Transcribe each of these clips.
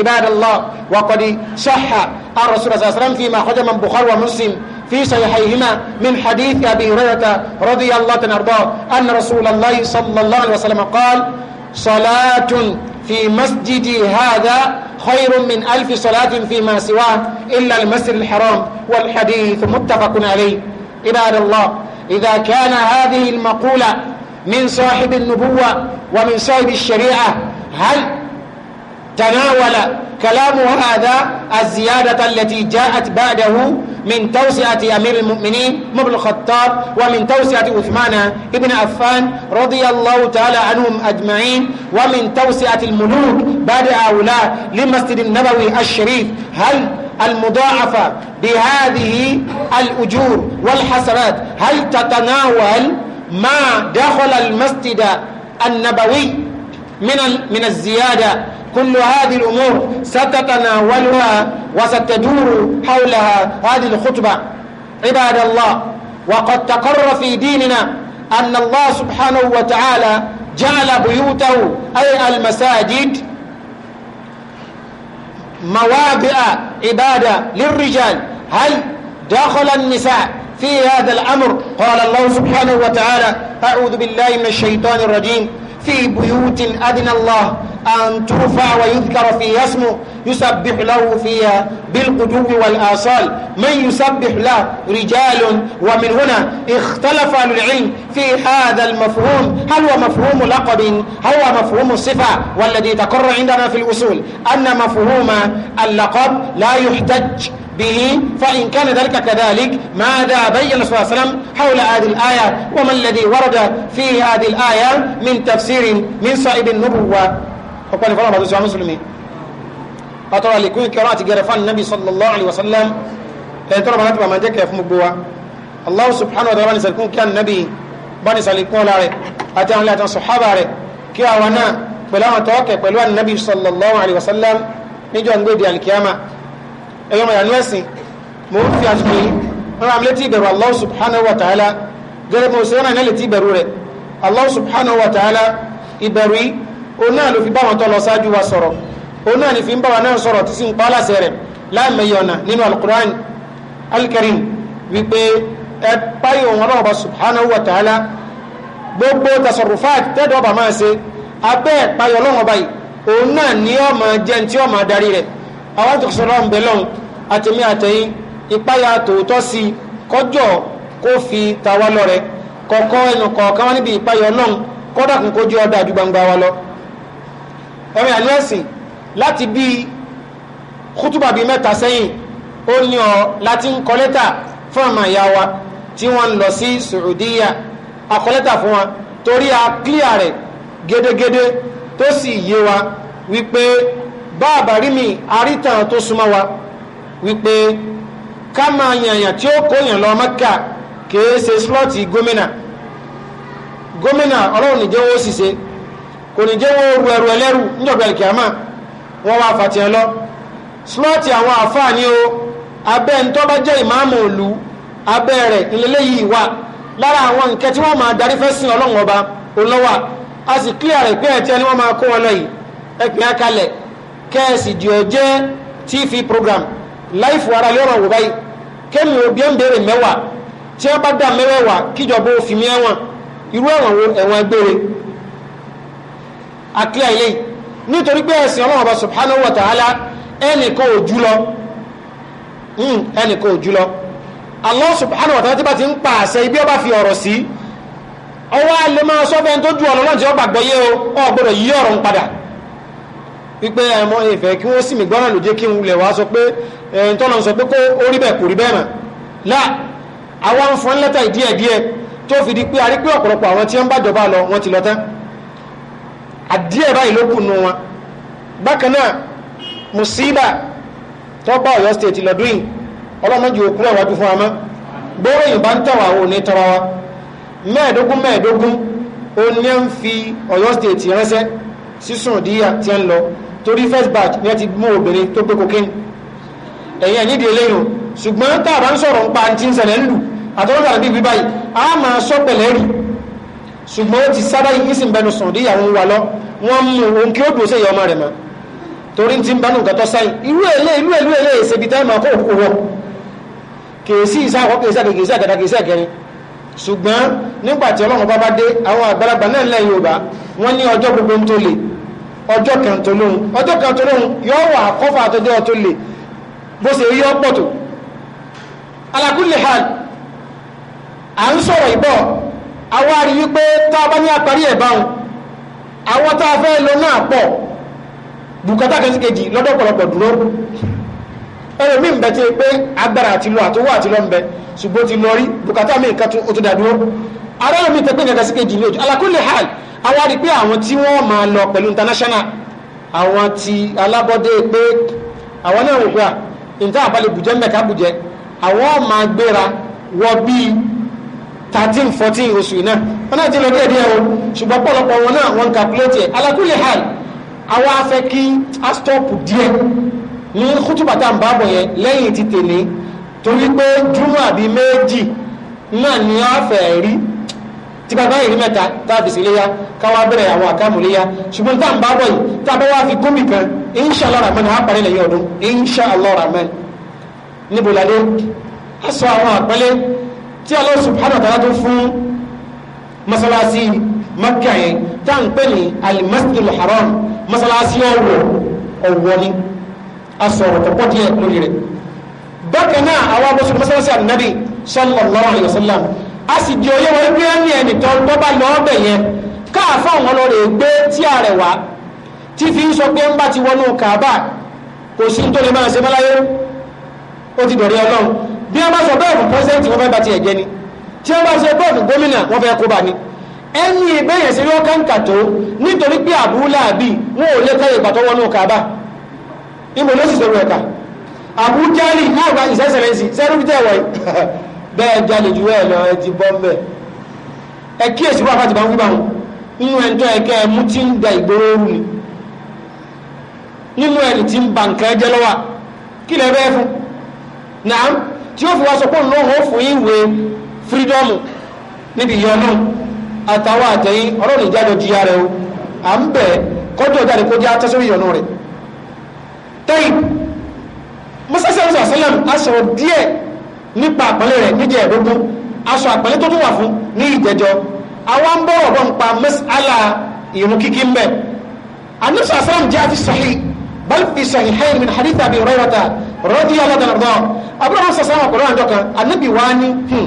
عباد الله وقد صح عن رسول الله صلى الله عليه وسلم فيما خرج من بخار ومسلم في صحيحيهما من حديث أبي هريرة رضي الله عنه أرضاه أن رسول الله صلى الله عليه وسلم قال صلاة في مسجدي هذا خير من ألف صلاة فيما سواه إلا المسجد الحرام والحديث متفق عليه عباد الله إذا كان هذه المقولة من صاحب النبوة ومن صاحب الشريعة هل تناول كلام هذا الزيادة التي جاءت بعده من توسعة أمير المؤمنين مبل الخطاب ومن توسعة عثمان ابن عفان رضي الله تعالى عنهم أجمعين ومن توسعة الملوك بعد هؤلاء لمسجد النبوي الشريف هل المضاعفة بهذه الأجور والحسرات هل تتناول ما دخل المسجد النبوي من من الزيادة كل هذه الأمور ستتناولها وستدور حولها هذه الخطبة عباد الله وقد تقر في ديننا أن الله سبحانه وتعالى جعل بيوته أي المساجد مواضع عبادة للرجال هل دخل النساء في هذا الأمر قال الله سبحانه وتعالى أعوذ بالله من الشيطان الرجيم في بيوت أذن الله أن ترفع ويذكر فيها اسمه يسبح له فيها بالقدو والآصال من يسبح له رجال ومن هنا اختلف أهل العلم في هذا المفهوم هل هو مفهوم لقب هو مفهوم الصفة والذي تقر عندنا في الأصول أن مفهوم اللقب لا يحتج به فإن كان ذلك كذلك ماذا بين صلى الله عليه وسلم حول هذه الآية وما الذي ورد في هذه الآية من تفسير من صائب النبوة وقال فرما بعض السلام المسلمين أترى لكل كراءة جرفان النبي صلى الله عليه وسلم لأن ترى بنات ما جاك يفهم بوا الله سبحانه وتعالى سلكون كان نبي بني سلكون لاري أتى لا صحابة لاري كي أوانا فلا توقع فلوان النبي صلى الله عليه وسلم نجوا نقول دي الكيامة ẹ̀yọ́ mọ̀ ìyànú ẹ̀sìn mo ń fi àṣìkò yìí rárá mi létí ìbẹ̀rù Allah subhanahu wa ta'ala gẹ́gẹ́ bí mo ṣe rán ẹ̀ létí ìbẹ̀rù rẹ̀ Allah subhanahu wa ta'ala ìbẹ̀rù yìí òun náà ló fi bá wọn tó lọ ṣáájú wa sọ̀rọ̀ òun náà ní fi ń bá wa náà sọ̀rọ̀ tí sì ń pa á láṣẹ rẹ̀ láàmì ọ̀nà nínú alukur'an alkarim wípé ẹ páyé òun ọlọ́run ọba subhanahu wa ta'ala gbogbo tasarufat tẹ́dọ̀ ọba máa ṣe abẹ́ ẹ̀ páyé ọlọ́run ọba yìí náà ní ó jẹ́ ní tí ó máa rẹ̀ àwọn tó sọ̀rọ̀ ń bẹ̀ lọ́hùn àtẹ̀mí àtẹ̀yìn ìpáyà tòótọ́ sí kọjọ́ kó fi ta wá lọ́rẹ kọ̀ọ̀kan ẹnu kọ̀ọ̀kan wá níbi ìpáyà ọlọ́hùn kọ́dà kún kó jẹ́ ọ̀dà àjú gbangba wa lọ. ẹ̀rìn àlẹ́ ẹ̀sìn láti bí kútùbà bíi mẹ́ta sẹ́yìn ó ní ọ láti ń kọ lẹ́tà fún àmà ìyá wa tí wọ́n ń lọ sí Saudiya akọ́lẹ́tà fún wa torí a clear rẹ̀ gédégédé tó sì yé wa wípé baabarimi àbárí mi àrítàn tó súnmọ́ wa wípé ká máa yànyàn tí ó lọ kìí ṣe slọ́ọ̀tì gómìnà gómìnà ọlọ́run níjẹ́ wọ́n sì kò níjẹ́ wọ́n ru ẹrù ẹlẹ́rù níjọba ìkìámà wọ́n wá fàtìyàn lọ slọ́ọ̀tì àwọn àfáà ni o abẹ́ ntọ́ba jẹ́ ìmáàmù òlu abẹ́ rẹ̀ yìí wà a sì kílíà rẹ̀ pé wọ́n máa kó wọn lọ kẹ́ẹ̀sì di ọjẹ́ tv program life wara lọ́rọ̀ wò báyìí kẹ́mi òbí ẹ̀ ń béèrè mẹ́wàá tí wọ́n bá dá mẹ́wàá kíjọba òfin mi ẹ̀wọ̀n irú ẹ̀wọ̀n wo ẹ̀wọ̀n gbére àkíyà ilé nítorí pé ẹ̀sìn ọlọ́run ọba subhanahu wa ta'ala ẹnìkan ò jùlọ hmm, ẹnìkan ò jùlọ Allah subhanahu wa ta'ala tí bá ti ń pa àṣẹ ibi ọba fi ọ̀rọ̀ sí ọwọ́ alẹ́ máa sọ́fẹ́ ju ọ̀rọ̀ wípé ẹmọ ìfẹ́ kí wọ́n sì mí gbọ́nà ló jẹ́ kí n wulẹ̀ wá sọ pé ẹ̀yìn tọ́lọ̀ sọ pé kó orí bẹ̀ kò rí bẹ́ẹ̀ mà láà àwọn ń fọn lẹ́tà díẹ̀díẹ̀ tó fi di pé a rí pé ọ̀pọ̀lọpọ̀ àwọn tí wọ́n bá jọba lọ wọ́n ti lọ tán àdíẹ̀ báyìí ló musiba tó bá Ọ̀yọ́ state lọ́dún yìí ọlọ́mọdé òkú rẹ̀ wájú fún wa mọ́ bá ń tẹ̀wà torí first batch ni wọ́n ti mú obìnrin tó gbé kokéènì ẹ̀yìn ẹ̀yìn ìdílé yìí ṣùgbọ́n tá a bá ń sọ̀rọ̀ nípa àti ń ṣẹlẹ̀ ń lù àtọ́lọ́gbà níbi ibi báyìí a máa sọ pẹ̀lẹ́ rì ṣùgbọ́n ó ti sábà yìí sì ń bẹnu sàn dí ìyàwó wa lọ wọ́n mú ohun kí ó dùn sí ìyá ọmọ rẹ̀ mọ́ torí ti ń bá nǹkan tó sáyìn irú èlé ìlú èlú èlé ìṣèbí tá a máa kó òkú wọ kèésì ìsáàkọ́ kèésì àkè kèésì àkàtà kèésì àkẹrin ọjọ́ kan tó lóhun ọjọ́ kan tó lóhun wà kọ́fà àtọ́jọ́ tó lè bó ṣe yọ à ń sọ̀rọ̀ ìbọ̀ àwọn tá a bá ní àparí ẹ̀ báhùn àwọn tá a fẹ́ lọ náà pọ̀ bùkátà kẹsíkejì lọ́dọ̀ pọ̀lọpọ̀ dúró ẹ̀rọ mi ń bẹ tí pé lọ àti lọ ń bẹ ṣùgbọ́n ti lọ rí mi tó dàdúró àwa rí pé àwọn tí wọ́n máa lọ pẹ̀lú international àwọn ti alábọ́dé pé àwọn náà wò pé à níta àbálẹ̀ bùjẹ́ mẹ́ka bùjẹ́ àwọn máa gbéra wọ bíi thirteen fourteen oṣù náà wọn náà ti lọ díẹ̀ díẹ̀ o ṣùgbọ́n pọ̀lọpọ̀ wọn náà wọn calculate ẹ̀ ala kulli hal àwa afẹ́ kí a stop díẹ̀ ní kútùbàtà ń bábọ̀ yẹn lẹ́yìn ti tèlé torí pé júmọ̀ àbí méjì náà ni a fẹ́ rí tí bàbá yìí rí mẹ́ta tá a fi sí léyà káwá bẹ̀rẹ̀ àwọn àkàmù léyà ṣùgbọ́n tá à ń bá bọ̀ yìí tá a bá wá fi gómìn kan inshallah rahman á parí lẹ́yìn ọdún inshallah rahman níbo la dé a sọ àwọn àpẹẹlẹ tí Allah subhanahu wa ta'ala tó fún masalasi Makkah yẹn tá à ń pè ní al Haram masalasi ọwọ ọwọ ni a sọ̀rọ̀ tó pọ̀ díẹ̀ lórí rẹ̀ bákan náà àwọn abọ́sọ̀rọ̀ masalasi Annabi sallallahu alayhi wa sallam a sì di oyé wọn wípé ní ẹnì tó tó bá lọ ọbẹ̀ yẹn káàfà wọn lọ rè gbé tí ààrẹ wá tí fi ń sọ pé ń bá ti wọnú kàbá kò sí tó lè máa ṣe mọ́láyé ó ti dọ̀rẹ́ ọlọ́run bí wọ́n bá sọ bẹ́ẹ̀ fún pẹ́sẹ́ǹtì wọ́n fẹ́ bá ti ẹ̀jẹ̀ ni tí wọ́n bá sọ bẹ́ẹ̀ fún gómìnà wọ́n fẹ́ kó bá ni ẹni ìbéyàn sí yóò káńkà tó nítorí pé àbúláàbí wọn ò lè kẹ́yìn ìgbà tó wọnú kàbá ìmọ̀ ló sọ̀rọ̀ ẹ̀ka àbújálì náà gba ìsẹ́sẹ̀lẹ́sì sẹ́rú bí tẹ́wọ̀ yìí bẹ́ẹ̀ jalè jù ẹ̀ lọ ẹ ti bọ́ mbẹ́ ẹ kíyèsí wà fàtìbà ń wíwà wọn nínú ẹ̀ ń tọ́ ẹ̀kẹ́ ẹ̀ mú tí ń da ìgboro ooru ni nínú ẹni ti ń ba nǹkan jẹ́ lọ́wọ́ kí lè bẹ́ẹ̀ fún náà tí ó fi wá sọ pé òun náà fún ìwé fírídọ́ọ̀mù níbi ìyọ náà àtàwọn àtẹ̀yìn ọlọ́run ìjájọ jìyà rẹ o à ń bẹ̀ kọjọ jáde kó jẹ́ atọ́sọ́rí ìyọ̀nù rẹ̀ tẹ́yìn mọ́sásẹ́ nípa àpẹẹlẹ rẹ̀ níjẹ̀ ẹ̀dógún aṣọ àpẹẹlẹ tó tún wà fún ní ìjẹjọ àwọn ń bọ̀rọ̀ bọ̀ ń pa mẹ́sàlá ìrun kíkí ń bẹ̀ anúṣà sáà jẹ́ àti sahih bal fi sahihayn min hadith abi hurayrata radiyallahu anhu abúlé wọn sàṣà ọkọ̀ lọ́wọ́ àjọkan anábì wá ní hmm,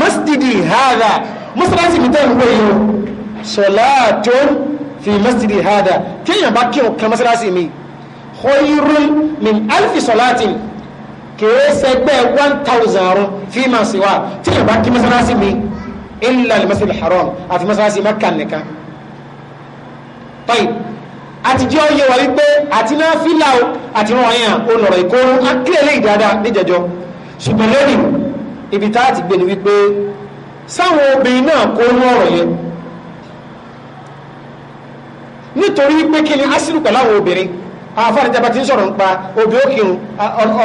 masjidi hada mọ́sálásí mi tẹ́ ń wé yìí sọ̀láàtò fi masjidi hada kéèyàn bá kírun kan mọ́sálásí mi khayrun min alfi salatin kìí sẹgbẹ́ one thousand rún fi máa sì wá tí yóò bá kí mọ́sálásí mi illa al-masjid al-haram àfi mọ́sálásí Mákà nìkan. tọ́yì àtijọ́ yẹ wà wípé àti náà fílà o àti wọn yẹn o lọ̀rọ̀ ìkóró á kílẹ̀ lé ìdáadáa níjẹjọ́ ṣùgbọ́n lónìí ibi tá a ti gbé ni wípé sáwọn obìnrin náà kó ní ọ̀rọ̀ yẹn nítorí pé kí ni asinu pẹ̀lú àwọn obìnrin afọ ti ń sọ̀rọ̀ nípa obì òkìrun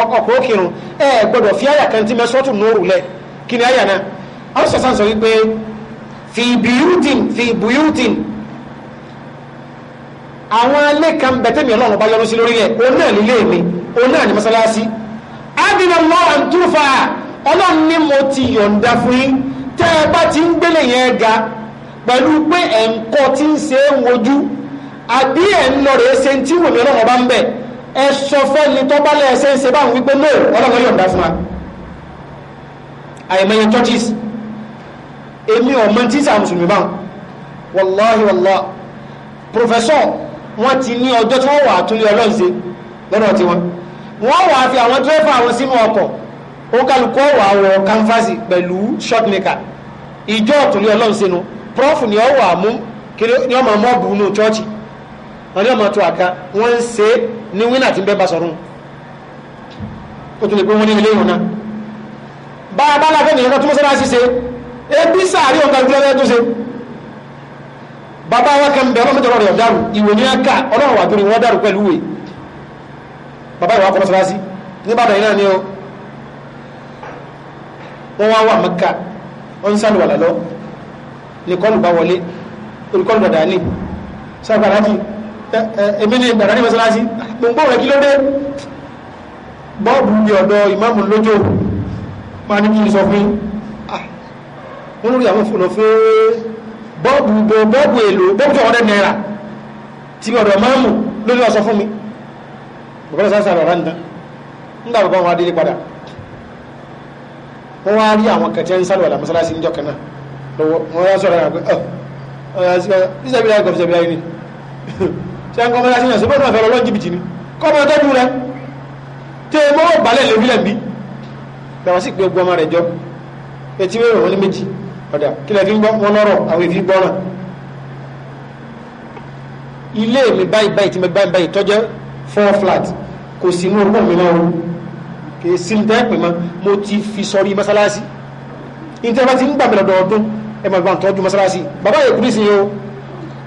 ọkọ̀ okirun ẹ gbọ́dọ̀ fi àyà kan tí mẹ́sọ́tù nóòrù kí ni àyà náà sọ̀sán sọ wípé fi buyutin fi buyutin àwọn alẹ́ kan bẹ̀tẹ̀mí ọlọ́run bá yọnu sí lórí òun náà mi òun náà ní mọ́sálásí adìrẹ àǹtúfà ọlọ́run ní mo ti yọ̀ǹda fún yín tẹ́ ẹ bá ti ń àbí ẹ̀ ń lọ rèé ṣe ń tí wòmí ọlọ́run bá ń bẹ̀ ẹ sọ fẹ́ni tó bá lẹ́ẹ̀ṣẹ́ ń ṣe bá ń wípé no ọlọ́run yọ̀ǹda fún wa àìmọye churches èmi ọ̀mọ tí sà mùsùlùmí bá wàláhi wàlá professor wọn ti ní ọjọ́ tí wọ́n wà àtúnlé ọlọ́run ṣe lọ́nà tiwọn wọ́n wà á fi àwọn dírẹ́fà àwọn sínú ọkọ̀ ó kálukú ọ̀wà wọ kánfàsì pẹ̀lú short maker ìjọ ọ̀túnlé ọlọ́run ṣe nu prof ni ọ̀wà mú kiri ni ọmọ ọmọ ọ̀bùnú chọ́ọ̀chì wọn ní ọmọ tó àga wọn ń ṣe ní wínà tí ń bẹ́ bá sọ̀rọ̀ o tún lè pé wọn ní ilé ìrùn náà bá a bá láfẹ́ nìyẹn kan tó mọ́sára ṣíṣe ebi sáàrí ọ̀gá ìgbìlẹ̀ ẹ̀ tó ṣe bàbá wa kan bẹ̀rẹ̀ mẹ́tọ̀rọ̀ rẹ̀ dàrú ìwò ní aka ọlọ́run wà torí wọ́n dàrú pẹ̀lú wẹ̀ bàbá ìwà kọ́mọ́sára sí ní bàbá yìí náà ni ó wọ́n wá wà mẹ́ka wọ́n ń sálùwà lálọ́ ní kọ́lù bá wọlé olùkọ́lù dàdà ní sábà rájì èmi ní ìgbàdá ní mọ́sálásí mo ń gbóòrè kí ló dé bọ́ọ̀bù ní ọ̀dọ̀ ìmáàmù lójó máa ní kí n sọ fún yín wọ́n rí àwọn fòlò fún bọ́ọ̀bù bo bọ́ọ̀bù èlò bọ́ọ̀bù tọ̀wọ́dẹ náírà tí ọ̀dọ̀ ìmáàmù lójó ọ̀sọ fún mi bọ̀bọ̀lá sáà sáà rárá nìkan nígbà bàbá wọn adélé padà wọ́n wá rí àwọn kẹtẹ́ ń sálọ̀ àmọ́sálásí níjọ́ kan náà lọ́wọ́ wọ́n wá sọ̀rọ̀ àwọn pé ọ̀ ọ̀ ṣe ń kọ́ mọ́lá síyàn síbẹ̀ náà fẹ́ràn ni kọ́ mọ́ tọ́jú rẹ tẹ ẹ mọ́ balẹ̀ lórí lẹ́bí bẹ̀rẹ̀ sí pé gbọmọ rẹ̀ jọ etí wẹ́rẹ̀ wọn ní méjì ọ̀dà kílẹ̀ fi ilé mi báyìí báyìí tí mi báyìí báyìí tọ́jọ́ four flat kò sí inú orúkọ mi máa wọ kì í sí ní tẹ́ẹ̀pì mọ́ mo ti fi sọrí mọ́sálásí ìtẹ́ bá ti ń gbà lọ́dọ̀ ọdún ẹ̀ tọ́jú mọ́sálásí bàbá yẹ kúrìsì yìí o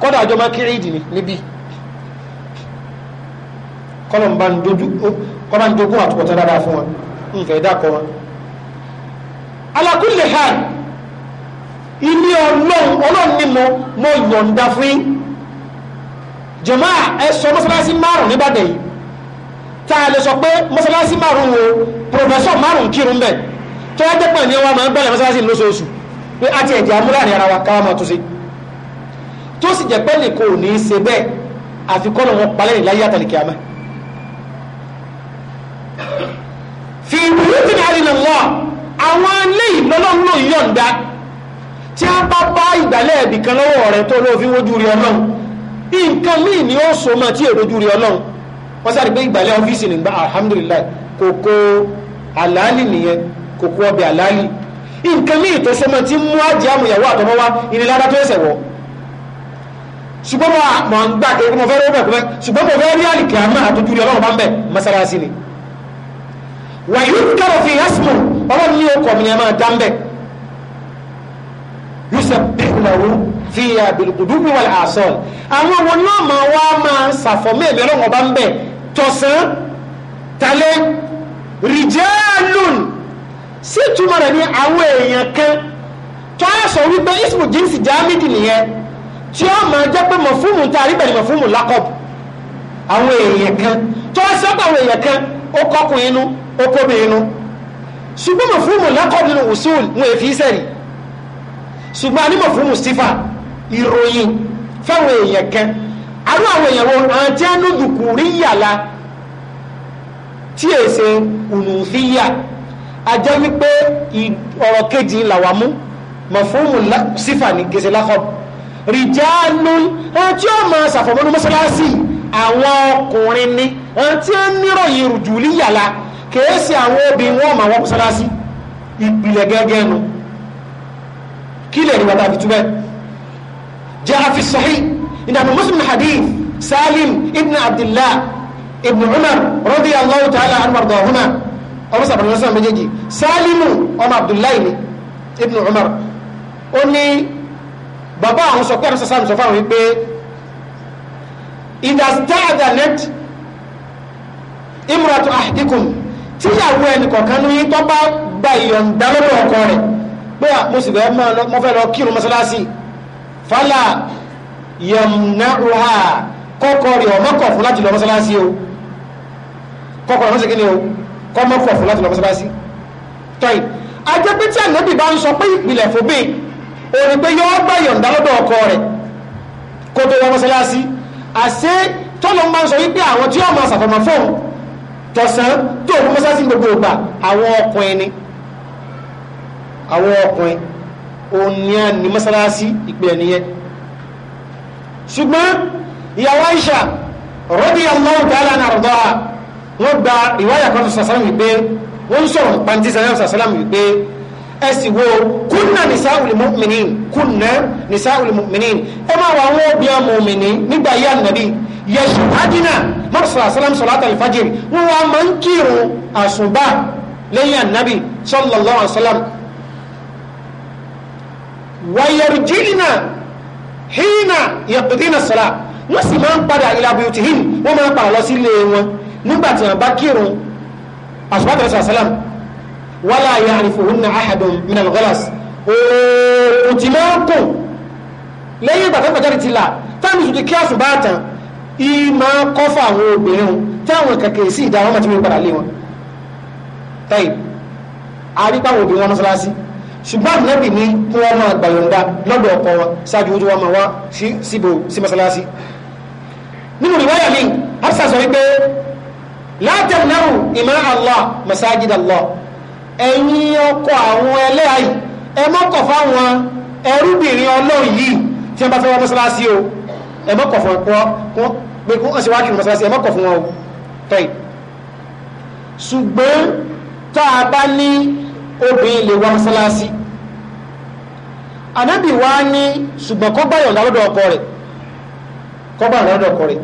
kọ́dà àjọ máa kéré ìdì níbí kọ́lọ̀ bá ń jogún àtúbọ̀tán dáadáa fún wọn nǹkan ìdákọ̀ wọn ala kulli hal ilé ọlọ́run ọlọ́run ní mo mo yọ̀ǹda fún yín jàmá ẹ̀sọ́ mọ́sálásí márùn níbàdàn yìí tá a lè sọ pé mọ́sálásí márùn wo pòfẹ́sọ̀ márùn kírun bẹ̀ tó yá jẹ́ pẹ̀lú wa máa ń bẹ̀rẹ̀ mọ́sálásí lóṣooṣù pé a ti ẹ̀jẹ̀ amúláàrin ara wa káwa máa tún sí tó sì jẹ́ pẹ́lì kò ní í ṣe bẹ́ẹ̀ àfikọ́nà wọn palẹ́ níláyé àtàlìkẹ́ àmẹ́ fi buyuti Allah, àwọn ilé ìlọ́lọ́lọ́ yọ̀ǹda tí a bá bá ìgbàlẹ̀ ẹ̀bì kan lọ́wọ́ rẹ̀ tó ló fi wójú rí ọlọ́run nǹkan míì ni ó so mọ́ tí èròjú rí ọlọ́run wọ́n sáré pé ìgbàlẹ̀ ọ́fíìsì nígbà alhamdulillah kòkó àlàálì nìyẹn kòkó ọbẹ̀ àlàálì nǹkan míì tó so mọ́ tí mú àjẹ́ àmúyàwó àtọmọ́ wá ìnilára tó ẹsẹ̀ wọ̀ ṣùgbọ́n mo gbà kékeré mo fẹ́ rí ọlọ́run wà yúkẹ́rọ̀ fi yásmù ọlọ́run ní ọkọ̀ mi máa dá mbẹ́ yusuf bíkùnàwó fi àbìlùkùdùkù wà àṣọl àwọn wọn náà máa wá máa ṣàfọ̀mọ́ ẹ̀mí ọlọ́run ọba mbẹ́ tọ̀sán talẹ́ rìjẹ́lùn sí túmọ̀ rẹ̀ ní àwọn èèyàn kan tó a sọ wípé ismu jíǹsì jámídì nìyẹn tí ó máa jẹ́ pé mọ̀fúnmù tá a rí mọ̀fúnmù lákọ̀bù àwọn èèyàn kan tó a sọ́pọ̀ àwọn èèyàn kan ó kọkùn inú ó kó mi inú ṣùgbọ́n mọ̀ fún mọ̀lákọ́bí usul wọn èfi sẹ́rì ṣùgbọ́n a ní mọ̀ fún mustifa ìròyìn fáwọn èèyàn kan arú àwọn èèyàn wọn àti ẹnudùkú rí yàlá tí èsè ònùfíyà ajẹ́ wípé ọ̀rọ̀ kejì làwà mú mọ̀ fún mọ̀lákọ́bí ní gèsè lákọ́bí rìjálù ẹni tí ó máa ṣàfọ̀mọ́nú mọ́ṣáláṣí àwọn ọkùnrin ni ẹni tí ó níròyìn rùjù líyàlá kèésì àwọn obìnrin wọn máa wọ́n mọ́sálásí ìpìlẹ̀ gẹ́gẹ́ nu kí lè rí wàtà àfitúbẹ̀ jẹ́ àfi sahih ìdàmú muslim hadith salim ibn abdullah ibn umar radiyallahu ta'ala anhu ardahuma ọmọ sàbẹ̀rẹ̀ lọ́sàn méjèèjì salimu ọmọ tíyàwó ẹnì kọ̀ọ̀kan ní tó bá gba ìyọ̀ǹda lórí ọkọ rẹ̀ pé ah, mo sì bẹ́ẹ̀ mọ́ fẹ́ lọ kírun mọ́sálásí fálà yẹ̀mùnà ruha kọ́kọ́ rẹ̀ ọmọkọ̀ fún láti lọ mọ́sálásí o kọ́kọ́ rẹ̀ mọ́sálásí o kọ́mọkọ̀ fún láti lọ mọ́sálásí tọ́yì ajẹ́ pé tí ànábì bá ń sọ pé ìpìlẹ̀ fòbí òní pé yọ́ gbà yọ̀ǹda lọ́dọ̀ ọkọ rẹ̀ kó tó lọ mọ́sálásí àṣé tọ́lọ́ máa ń sọ wípé àwọn tí ó máa fóun tọ̀sán tó kú mọ́sásí gbogbo ìgbà àwọn ọkùnrin ni àwọn ọkùnrin òníyàn ní mọ́sálásí ìpìlẹ̀ nìyẹn ṣùgbọ́n ìyàwó Aisha radiyallahu ta'ala anha wọ́n gba ìwáyà kan sàsálàm wípé wọ́n ń sọ̀rọ̀ pàǹtí sàsálàm wípé ẹ sì wo kúnnà nisa'ul mu'minin kúnnà nisa'ul mu'minin ẹ máa wà àwọn obìnrin mọ̀mìnì nígbà yá nàbí yẹ̀ṣùhádínà mọ́sàlá sálám sọ̀látà alfajir wọ́n wá máa ń kírun àṣùbá lẹ́yìn annabi sallallahu alaihi wasallam wàyẹ̀rùjìnà hínà yẹ̀kùdínà sọ̀lá wọ́n sì máa ń padà ìlàbùtìhìn wọ́n máa ń padà lọ sílé wọn nígbàtí wọ́n bá kírun àṣùbá tẹ̀lé sàlám wala ya'rifuhunna ahadun min al-ghalas òòrùn ti máa ń kùn lẹ́yìn ìgbà tó pàjáde ti là táàmì ìṣòdì kí àṣùbá tán ìmọ̀ kọ́fà àwọn obìnrin táwọn kẹ̀kẹ́ sí ìdá wọn mọ̀tí mi padà lé wọn tẹ́yì àríkàwọ̀ obìnrin wọn mọ́sálásí ṣùgbọ́n àmìlẹ́bì ní kí wọ́n máa gbàyọ̀ǹda lọ́dọ̀ ọkọ wọn ṣáájú ojú wọn máa wá síbò sí mọ́sálásí nínú ìwáyà mi hapsa sọ wípé látẹ̀mnáwù ìmọ̀ Allah masajid Allah ẹ̀yin àwọn ẹlẹ́yà yìí fáwọn ẹrúbìnrin ọlọ́run yìí tí wọ́n bá fẹ́ wọ́n mọ́sálásí o ẹ má kọ̀ fún ẹ̀kọ́ pé kó ọ̀sẹ̀ wá kí mọ́sálásí ẹ má kọ̀ fún wọn o tọ́yì ṣùgbọ́n tá a bá ní obìnrin lè wá mọ́sálásí ànábì wá ní ṣùgbọ́n kó gbà yọ̀ǹda lọ́dọ̀ ọkọ rẹ̀ kó gbà yọ̀ǹda lọ́dọ̀ ọkọ rẹ̀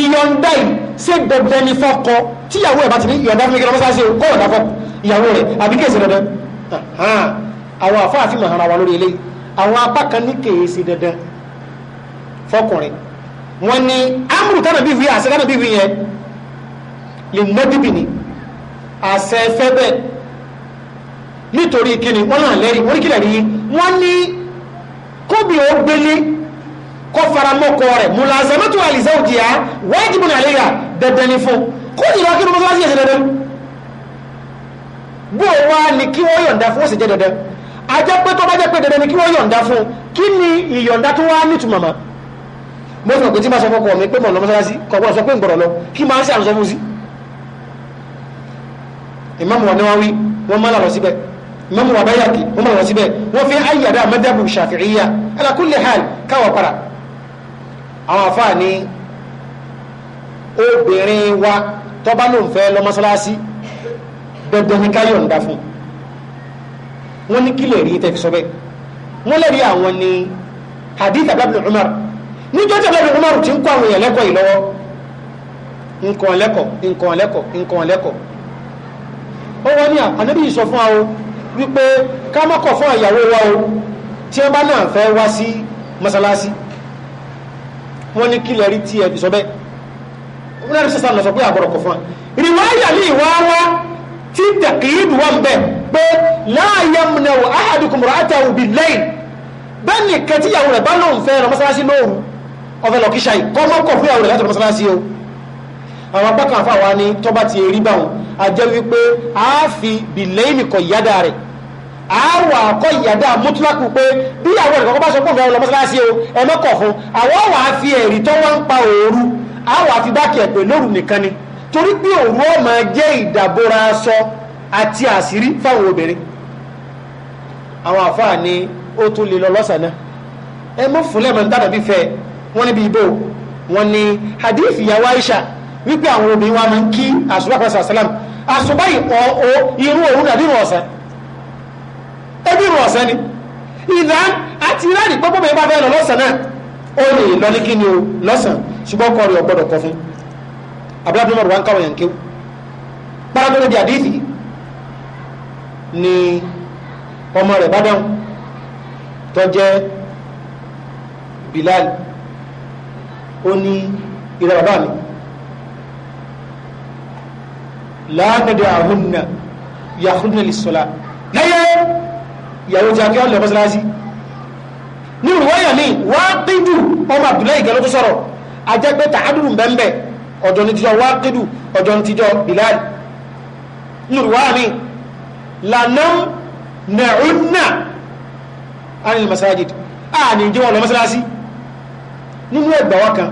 ìyọ̀ǹda yìí ṣe dandan ní fọ́kọ tíyàwó ẹ̀ bá ti ní ìyọ̀ǹda fún mi kí lọ́mọ́sá ọ̀dà fọ́ ìyàwó rẹ̀ àbí kèsì dandan àwọn àfáàfin mọ̀ wa lórí eléyìí àwọn apá kan ní kèsì dandan fọkùnrin wọn ni amúrù tánà bí fi àṣẹ tánà bí fi yẹn lè mọ́dìbì ni àṣẹ fẹ́ bẹ́ẹ̀ nítorí kíni wọ́n náà lẹ́rí wọ́n kílẹ̀ rí wọ́n ní kóbi ó gbélé kó faramọ́kọ rẹ̀ mulazamatu alizawjiha wajibun alayha dandan ni fún kó ní ìwà kí ló mọ́sálásí ẹ̀sẹ̀ dandan bó wá ní kí wọ́n yọ̀ǹda fún ó sì jẹ́ bá jẹ́ pé dandan ni kí wọ́n yọ̀ǹda fún kí ni ìyọ̀ǹda tó wá nítumọ̀ mo fi hàn pé tí máa sọ fọkọ mi pé mọ̀ lọ́mọ́sálásí kọ̀ gbọ́dọ̀ sọ pé ngbọ̀rọ̀ lọ kí máa ń ṣe àrùsọ fún sí. ìmáàmù wa níwáwí wọ́n máa lọ síbẹ̀ ìmáàmù wa báyàkì wọ́n máa lọ síbẹ̀ wọ́n fi ayyada madhabu shafi'iyya ala kulli hal káwọ̀ para. àwọn afáà ni obìnrin wa tọ́ba ló ń fẹ́ lọ́mọ́sálásí dandan ni káyọ̀ ń da fún wọ́n ní kí lè rí tẹ́ fi sọ bẹ́ẹ̀ wọ́n lè rí àwọn ni hadith abdul umar níjọ́ tí abúlé Umaru ti ń kọ́ àwọn èèyàn lẹ́kọ̀ọ́ yìí lọ́wọ́ nǹkan lẹ́kọ̀ọ́ nǹkan lẹ́kọ̀ọ́ nǹkan lẹ́kọ̀ọ́ ó wọ́n ní ànábì sọ fún wa o wípé ká mọ́kọ̀ fún ìyàwó wa o tí wọ́n bá náà fẹ́ wá sí mọ́sálásí wọ́n ní kílẹ̀ rí tí ẹbí sọ bẹ́ẹ̀ wọ́n náà rí sísan lọ sọ pé àbọ̀rọ̀ kọ̀ fún wa rìwáyà ní ìwá wa tí tẹ̀kìlìdù wọn bẹ̀ pé láàyẹ̀mùnẹ̀wò áhàdùkùnmùrà àtàwùbí lẹ́yìn bẹ́ẹ̀ nìkan tíyàwó rẹ̀ bá lóun fẹ́ rẹ̀ mọ́sálásí lóòrùn ọfẹ́ lọ kíṣà yìí kọ́ mọ́kọ̀ fún ìyàwó rẹ̀ láti mọ́sálásí o àwọn apákan àfàwà ni tó bá ti rí báwọn a jẹ́ wípé a fi bìlẹ́ẹ̀nì kọ̀ ìyádà rẹ̀ a wà kọ́ ìyádà mútúlákù pé bí ìyàwó rẹ̀ kọ́kọ́ bá sọ pé òfin lọ mọ́sálásí o ẹ mọ́kọ̀ fún àwọn wà á fi ẹ̀rí tó wá ń pa òru a wọ́n níbi ìbò wọ́n ní hadith ìyàwó Aisha wípé àwọn obìnrin wa máa ń kí àṣùbá pẹ̀lú sàṣàlám àṣùbá irú òun dàbí ìrùn ọ̀sán ẹbí ìrùn ọ̀sán ni ìlà àti ìlànà pọ́pọ́ bẹ́ẹ̀ bá fẹ́ lọ lọ́sàn náà ó lè lọ ní kí ni ni ọmọ rẹ̀ bá Bilal ó ní ìrẹ̀ bàbá mi láàdẹ̀dẹ̀ àhúnnà yàhúnnà lìsọ́lá lẹ́yẹ ìyàwó tí a kí ọlọ́ mọ́sálásí ní ìwọ́yà ní wá pídù ọmọ Abdullahi ìgẹ́ló tó sọ̀rọ̀ ajẹ́gbẹ́ tààdùrù bẹ́ẹ̀ ọ̀dọ̀ ní tijọ́ wá pídù ọ̀dọ̀ ní tijọ́ nínú ẹgbà wa kan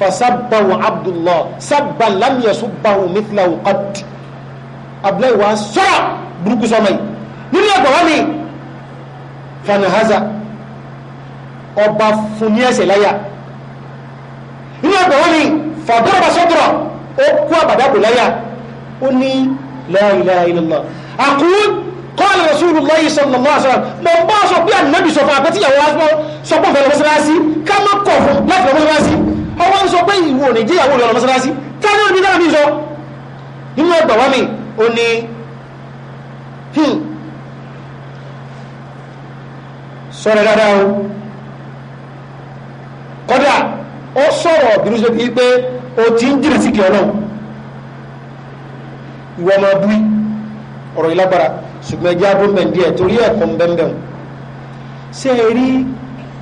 fasabahu abdullah sábà lámìyàsó bahu mithla qad abdullahi wa sọ́rọ̀ burúkú sọ́mọ yìí nínú ẹgbà wa ni fanahaza ọba fún ní ẹsẹ̀ láyà nínú ẹgbà wa ni fàdúrà sọ́dúrà ó kú àbàdàbò láyà ó ní la ilaha illallah àkúrú kọ́lá rasúlù lọ́yìn sọ̀rọ̀ lọ́wọ́ sọ̀rọ̀ mọ̀ ń bá sọ pé ànábì sọ fún àpẹtíyàwó sọpọ̀ fẹ́ lọ mọ́sálásí ká má kọ̀ fún láti lọ mọ́sálásí ọwọ́ ń sọ pé ìwò nìjíyàwó lọ mọ́sálásí táwọn ẹni náà mi sọ nínú ọgbà wá mi ò ní hmm. sọ̀rọ̀ dáadáa o kọ́dà ó sọ̀rọ̀ bínú sọ bíi pé o ti ń jìnnà sí kí ọlọ́run ìwọ ọmọ bui ọ̀rọ̀ ìlágbára ṣùgbọ́n ẹjẹ́ abúmbẹ̀ díẹ̀ torí ẹ̀kọ́ bẹ́ẹ̀ ṣe é rí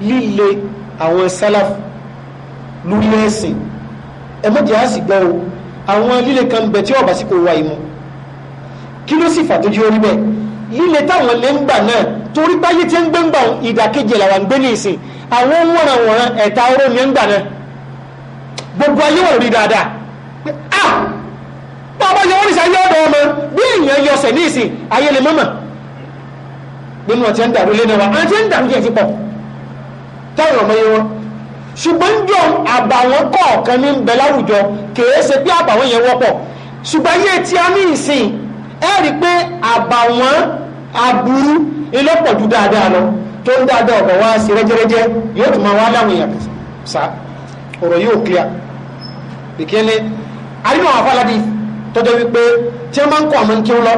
líle àwọn sálàf lórí ẹ̀sìn ẹ̀mọ́jẹ́ á sì gbọ́ o àwọn líle kan bẹ̀ tí ọ̀bà sí kò wá ìmọ̀ kí ló sì fàtójú orí bẹ́ẹ̀ líle táwọn lè ń gbà náà torí báyé tí ń gbé ń gbà ìdàkejì làwọn ń gbé ní ìsìn àwọn wọ̀nà wọ̀nà ẹ̀ta ọ̀rọ̀ ni ń gbà náà gbogbo ayé wọ̀ rí dáadáa bàbá yọ oríṣà yọ ọ̀dọ̀ ọmọ bí èèyàn yọ ọ̀sẹ̀ ní ìsìn ayé lè mọ́mọ̀ nínú ọ̀tí ń dàrú lé náà wá àti ń dàrú jẹ́ fipọ̀ táwọn ọmọ yẹn wọn ṣùgbọ́n jọ àbàwọn kọ̀ọ̀kan ní bẹ láwùjọ kìí ṣe pé àbàwọn yẹn wọ́pọ̀ ṣùgbọ́n ayé tí a ní ìsìn ẹ rí i pé àbàwọn aburú ilọ́pọ̀ ju dáadáa lọ tó ń dáadáa ọ̀bọ̀ wá sí rẹ́jẹ́rẹ́jẹ́ yóò tún máa wá láwọn èèyàn sá ọ̀rọ̀ yóò clear bìkẹ́lẹ́ àdínà àfàládìí tọ́jọ́ wípé tí wọ́n máa ń kọ́ àmọ́ kí wọ́n lọ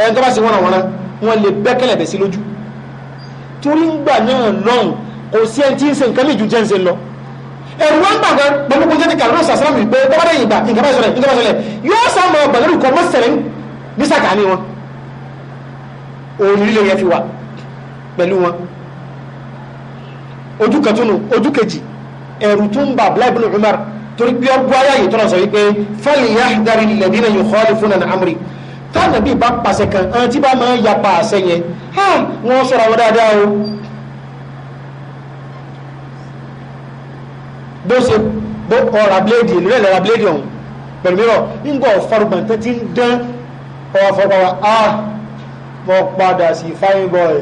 ẹni tó bá sì wọ́n àwọn ọ̀ràn wọn lè bẹ́kẹ̀lẹ̀ bẹ̀ sí lójú torí ń gbà náà lọ́hùn kò sí ẹni tí ń ṣe nǹkan lè ju jẹ́ ń ṣe lọ ẹ̀rù wọn gbà gan pẹ̀lú kó jẹ́ ti kàlọ́ sàṣàmù wípé tó bá dẹ̀yìn ìgbà nǹkan bá ṣẹlẹ̀ nǹkan bá ṣẹlẹ̀ yóò sá mọ ọgbà lórí kọ́ sẹ̀rẹ̀ ní sàkání wọn òòrùn líle yẹn fi wà pẹ̀lú wọn ojú kẹtùnú ojú kejì ẹ̀rù tún bà Abdullahi ibn Umar torí pé ọgbọ́ ayáyè tọ́nà sọ wípé falyahdari alladhina yukhalifuna an amri tánàbí bá pàṣẹ kan ẹni tí bá máa ń yapa àṣẹ yẹn wọ́n sọ̀rọ̀ àwọn dáadáa o bó ṣe bó ọ̀rà bléèdì ìlú ẹ̀lẹ́ra bléèdì ọ̀hún pẹ̀lú mìíràn nígbà ọ̀fọ̀rùgbọ̀n tó ti ń dán ọ̀rọ̀ fọ̀pọ̀wà á ah, mọ̀ padà sí fine boy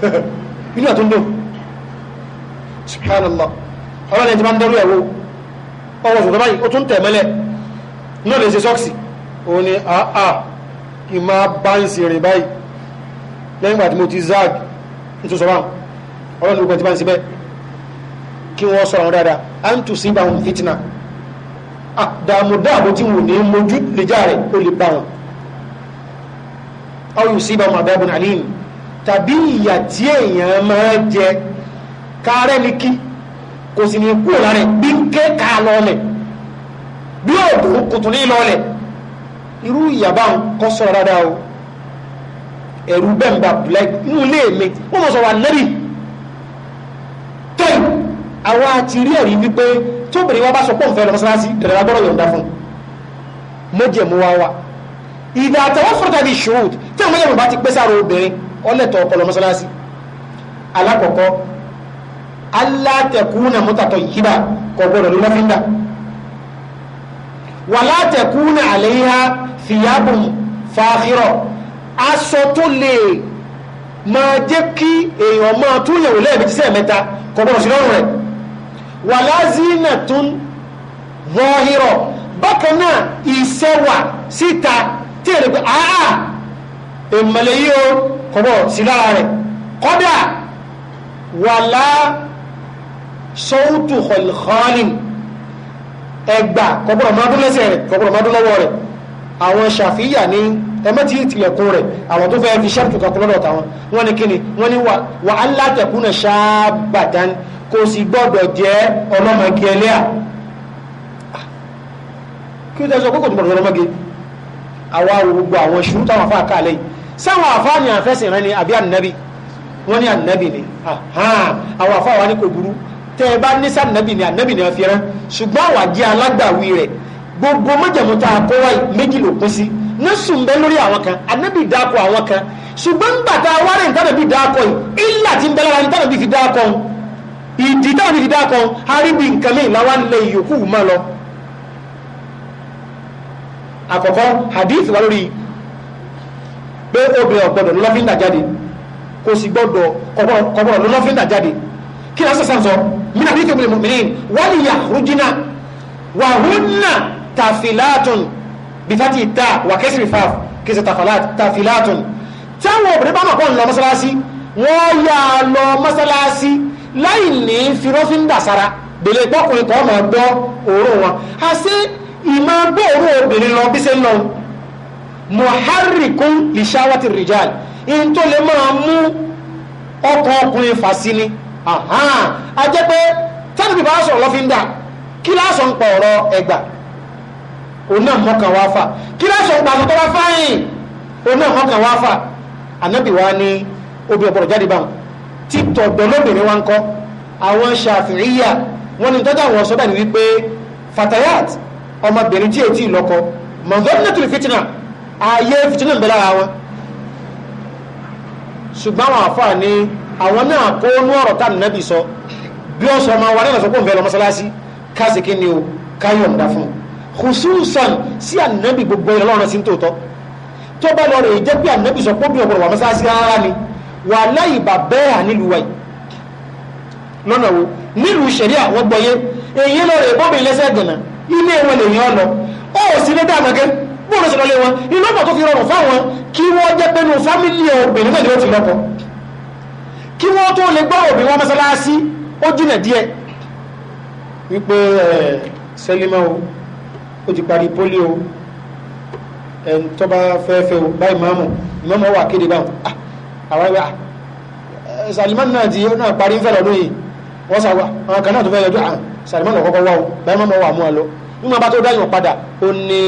ilé ọ̀tún dùn subhanallah ọlọ́ni ti máa ń dọ́rú ẹ̀wọ̀ ọwọ́ ṣùgbọ́n báyìí ó tún tẹ̀ mẹ́lẹ̀ náà lè ṣe sọ́ọ̀sì òun ni àá kì í máa bá ń ṣe rìn báyìí lẹ́yìn ìgbà tí mo ti zag nítorí sọ́wọ́n ọlọ́run gbogbo ti bá ń ṣe bẹ́ẹ̀ kí wọ́n sọ̀rọ̀ wọn dáadáa à ń tù sí ibà wọn fìtínà dààmú dáàbò tí wò ní mojú lè já rẹ̀ ó lè bá wọn. àwọn yóò sí ibà wọn àdáàbò nàlẹ́ tàbí ìyà tí èèyàn máa jẹ kárẹ́ ní kí kò sì ní kú lára bí ń ké ká lọlẹ̀ bí òògùn kùtù ní lọlẹ̀ irú ìyàbá kọ́ sọ̀rọ̀ dáadáa o ẹ̀rù bẹ́ǹbà bùlẹ̀ inú ilé mi wọ́n mọ̀ sọ̀rọ̀ ànẹ́rì tẹ́yì àwa ti rí ẹ̀rí wípé tóbìnrin wa bá sọ pọ́ǹfẹ́ lọ mọ́sálásí dẹ̀rẹ̀ agbọ́dọ̀ yọ̀ǹda fún mọ́jẹ̀mú wa wa ìdá àtàwọn fúrúta di ṣòwò tí àwọn mọ́jẹ̀mú bá ti pèsè àrò obìnrin ọlẹ́tọ̀ ọpọlọ mọ́sálásí alákọ̀ọ́kọ́ alátẹ̀kúnà mútàtọ̀ yíba kọ̀gbọ̀dọ̀ ló lọ́fíńdà wà látẹ̀kúnà àléyá fìyàbùn fàáhírọ̀ aṣọ tó lè máa jẹ́ kí èèyàn máa túnyẹ̀wò lẹ́ẹ̀bí tíṣẹ́ mẹ́ta kọ̀gbọ̀dọ̀ sí lọ́rùn rẹ̀ wà lázínà tún vọ́hírọ̀ bákan náà ìṣẹ́wà síta tí èrè pé àá ìmọ̀lẹ́yìí ó kọ̀gbọ̀dọ̀ sí lára rẹ̀ kọ́dà wà láà sọ́wọ́tù khalkhalin ẹgbà kọ̀bọ̀rọ̀ mọ́dún lẹ́sẹ̀ rẹ̀ kọ̀bọ̀rọ̀ mọ́dún lọ́wọ́ rẹ̀ àwọn ṣàfíyà ní ẹmẹ́tí ìtìlẹ̀kùn rẹ̀ àwọn tó fẹ́ fi ṣẹ́pù kankan lọ́dọ̀ tàwọn wọ́n ní kíni wọ́n ní wà á látẹ̀kùn náà ṣáàbàdán kò sì gbọ́dọ̀ jẹ́ ọlọ́mọge ẹlẹ́à ah, kí ó tẹ́sọ kókò ni àfẹ́sìn rẹ ni àbí ànábì ni àwọn afá wa ní kò burú tẹ́ ẹ bá ní sànàbì ni ànàbì ni wọ́n fi rán ṣùgbọ́n àwa jẹ́ alágbàwí rẹ̀ gbogbo májẹ̀mú tá a kó wáyé méjì ló pín sí nẹ́sù ń bẹ lórí àwọn kan ànàbì dáko àwọn kan ṣùgbọ́n gbà tá a wárẹ̀ nítorí bí dáko yìí ìlà ti ń bẹ lára nítorí bí fi dáko ìdí táwọn fi dáko aríbi nǹkan lè láwa lẹ ìyókù mọ́ lọ. àkọ́kọ́ hadith wa lórí pé obìnrin ọ̀gbọ́dọ̀ ló lọ́fíńdà jáde kò sì gbọ́dọ̀ ọ̀gbọ́dọ̀ ló lọ́fíńdà jáde kí ni a sọ sáà sọ من حديث ابن المؤمنين وليخرجن وهن تافلات بفتح التاء وكسر الفاف كسر تافلات تافلات táwọn obìnrin bá màpọ̀ lọ mọ́sálásí wọ́n yà á lọ mọ́sálásí láì ní fìrọ́fíńdà sára bèlè pọ́kùnrin kan máa gbọ́ òórùn wọn a ṣe ìmọ̀ gbọ́ òórùn obìnrin lọ bí ṣe ń lọ muharrikun lishawati rijal in tó lè máa mú ọkọ̀ ọkùnrin fàṣí ni a jẹ́ pé tẹ́lifí bá sọ̀rọ̀ lọ́fíńdà kí lásọ̀ ń pọ̀ ọ̀rọ̀ ẹgbà òun náà mọ́kàn wá fà kí lásọ̀ ń pàṣẹ tó wá fáyìn òun náà mọ́kàn wá fà ànábì wa ní obì ọ̀pọ̀lọ̀ jáde báwọn tí tọ̀dọ̀ lóbìnrin wa ń kọ́ àwọn ṣàfihìyà wọn ni tọ́jà wọn sọ́dà ní wípé fatayat ọmọbìnrin tí ètí ìlọ́kọ mọ̀gọ́nàtò fìtínà ààyè fìtínà àwọn náà kó nú ọ̀rọ̀ tá nàbì sọ bí ó sọ máa wà náà sọ pé òun fẹ́ lọ mọ́sálásí káàsì kí ni o káyọ̀ ń dá fún un khususan sí ànábì gbogbo ìrọ̀lọ́run sí ń tòótọ́ tó bá lọ rẹ̀ jẹ́ pé ànábì sọ pómi ọ̀pọ̀lọpọ̀ àmọ́ sáà sí rárá ni wà láyìí bà bẹ́ẹ̀ hà lọ́nà wo nílùú ṣẹ̀rí àwọn gbọ́yé èyí lọ rẹ̀ bóbi lẹ́sẹ̀ dènà ilé wọn lè yàn lọ ó sì ní dàmọ́gẹ́ bóòrò sí lọlé wọn inú ọ̀pọ̀ tó fi rọrùn fáwọn kí wọ́n jẹ́ pẹ́nu fámìlì obìnrin náà ni ó ti lọ́kọ̀ọ́ kí wọ́n tó lè gbọ́rọ̀ bí wọ́n mọ́sálásí ó jìnà díẹ̀ wípé sẹ́límà o ó ti parí pólí o ẹn tó bá fẹ́ẹ́fẹ́ o báyìí máàmù ìmáàmù wà kéde báwọn ah, àwọn ẹgbẹ́ ah, Salimani náà ti náà parí ń fẹ́ lọ́dún yìí wọ́n sá wa àwọn kan náà ah, wa lọ nígbà bá tó dáyọ̀ padà ó ní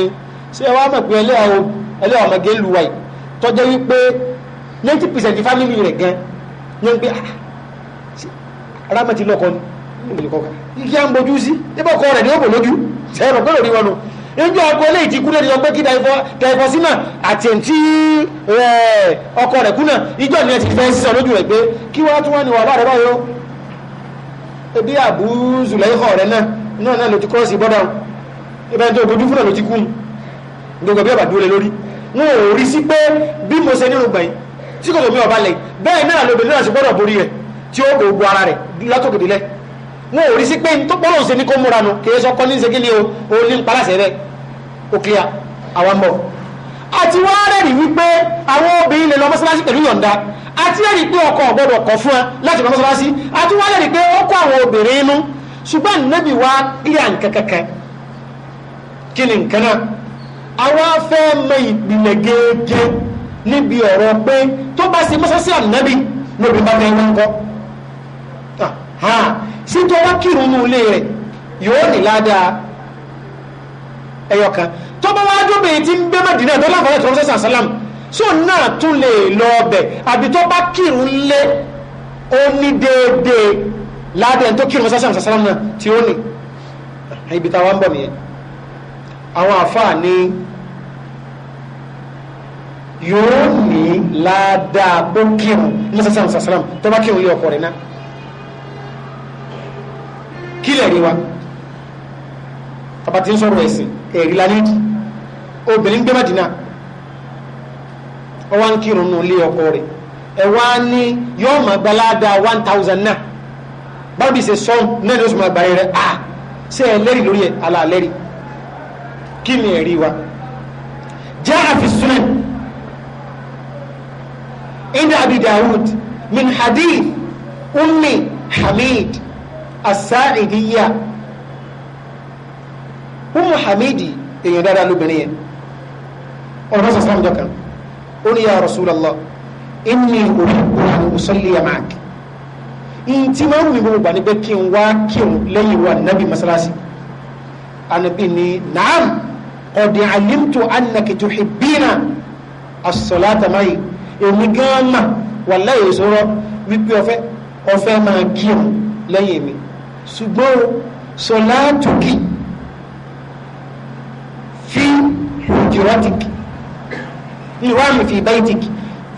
ṣé ẹ wá mọ̀ pé ẹlẹ́yà ọmọge lu wa tọ́jẹ́ wípé ninety percent rẹ̀ gan yẹn pé ah, aramati lọkọ ni kí a ń bojú sí níbọ̀ kọ rẹ̀ ní òbò lójú sẹ́yìn pé lórí wọn nu níjọ́ ọgbọ́n eléyìí ti kú lórí ọgbẹ́ kí dàìfọ́sínà àti ẹ̀ǹtí ọkọ rẹ̀ kú náà ìjọ ni ẹ ti fẹ́ sísọ lójú rẹ̀ pé kí wọ́n tún wá ní wàhálà rẹ̀ báyọ̀ ebi àbú zùlẹ́kọ̀ rẹ̀ náà náà náà ló ti kọ́ọ̀sì bọ́dà ibẹ̀ tó bojú fúnà ló ti kú gbogbo bí ọba dúró lé lórí wọn ò rí sí pé bí mo ṣe nínú gbàyìn tí kò tó mi ọba lẹ bẹ́ẹ̀ náà lóbi náà sì gbọ́dọ̀ borí rẹ̀ tí ó gbogbo ara rẹ̀ látòkèdélẹ̀ wọn ò rí sí pé tó gbọ́dọ̀ ṣe ní kó múra nu kì í sọ kọ́ ní segin ní o ò ní ń paláṣẹ rẹ̀ ó clear àwọn mọ̀ àti wọ́n á rẹ̀rí wípé àwọn obìnrin lè lọ mọ́sálásí pẹ̀lú yọ̀ǹda àti rẹ̀rí pé ọkọ ọ̀gbọ́dọ̀ kọ̀ fún ẹ láti lọ mọ́sálásí àti wọ́n á rẹ̀rí pé ó kọ́ àwọn obìnrin inú ṣùgbọ́n nẹ́bí wa clear nǹkan kí ni nǹkan náà àwọn afẹ́ mọ ìpìlẹ̀ gẹ́gẹ́ níbi ọ̀rọ̀ pé tó bá ṣe mọ́sásí ànábì lóbi bá mẹ́rin ń kọ́ sí tó wá kírun ní ilé rẹ̀ yóò ní ládàá ẹyọkan tó bá wá dóbìnrin tí ń gbé mẹ́dínà tó láǹfààní tó rọ́ṣẹ́ sàṣálàm só náà tún lè lọ ọbẹ̀ àbí tó bá kírun lé ó ní déédéé ládàá tó kírun mọ́sásí àṣálàm náà tí ó ní ibi táwa ń bọ̀ nìyẹn àwọn àfáà ní yóò ní ládàá ó kírun lọ́sàsàn sàsàlám tó bá kírun yóò ọkọ̀ rẹ̀ náà kí lẹ̀ rí wa tàbátí ń sọ̀rọ̀ ẹ̀sìn ẹ̀rí lálẹ́dì obìnrin gbé mẹ́dínà ọwá ń kírun nù lé ọkọ̀ rẹ̀ ẹ̀wá ní yóò máa gba ládàá one thousand náà bábí ṣe sọ́n náà ni ó sì máa gbà rẹ̀ à ah! ṣe ẹ̀ lẹ́rì lórí ẹ̀ alá lẹ́rì kí ni ẹ̀rí wa jẹ́ àfi sunan inda abi dawud min hadith ummi hamid asa'idiyya ummu hamidi èèyàn dáadáa lóbìnrin yẹn ọ̀rọ̀ náà sàṣàmù dọ́kan ó ní ya rasulallah inni uhibbu an usalli ma'ak in ti máa ń wù mí gbogbo ní pé kí n wá kí n lẹ́yìn wa nabi masalasi anabi ni naam qad alimtu annaki tuhibbina as-salata ma'i èmi gan mà wà láyé sọ̀rọ̀ wípé ọ̀fẹ́ ọ̀fẹ́ máa kírun lẹ́yìn mi ṣùgbọ́n sọ̀láàtùkì fi hùjúrátìkì ìwáàmì fi báyìtìkì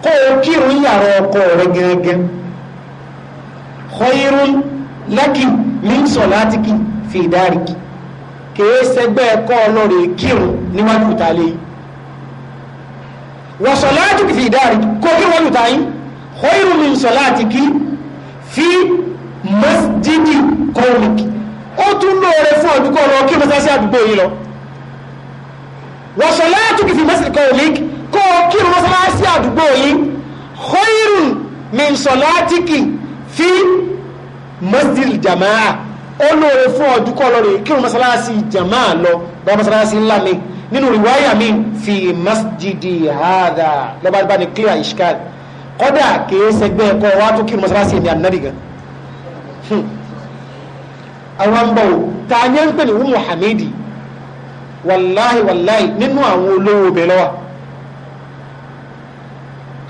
kó o kírun yàrá ọkọ rẹ gẹ́gẹ́ khairun laki min sọ̀láàtìkì fi dárìkì kèé sẹgbẹ́ ẹ̀kọ́ ọlọ́rẹ̀ kírun níwájú ìtàlẹ́yìn wa salatik fi darik kó kí wọ́n lùtà yín khairu min salatiki fi masjidi qawmik o tún lóore fún ọdún kọ́ lọ kí mọ́sálásí àdúgbò yìí lọ wa salatik fi masjidi qawmik kó kí mọ́sálásí àdúgbò yìí khairu min salatiki fi masjidi jama'a o lóore fún ọdún kọ́ lọ rẹ̀ kí mọ́sálásí jama'a lo ba mọ́sálásí ńlá mi nínú riwaya mi fi masjidi hada lọ́ba bá ní clear ishkal kọ́dà kìí sẹgbẹ́ ẹ̀kọ́ wa tó kírun mọ́sálásí èmi ànábì gan hmm. àwọn ń bọ̀ ta ni ń pè ní umu hamidi wàláhì wàláhì nínú àwọn olówó bẹ̀rẹ̀ wa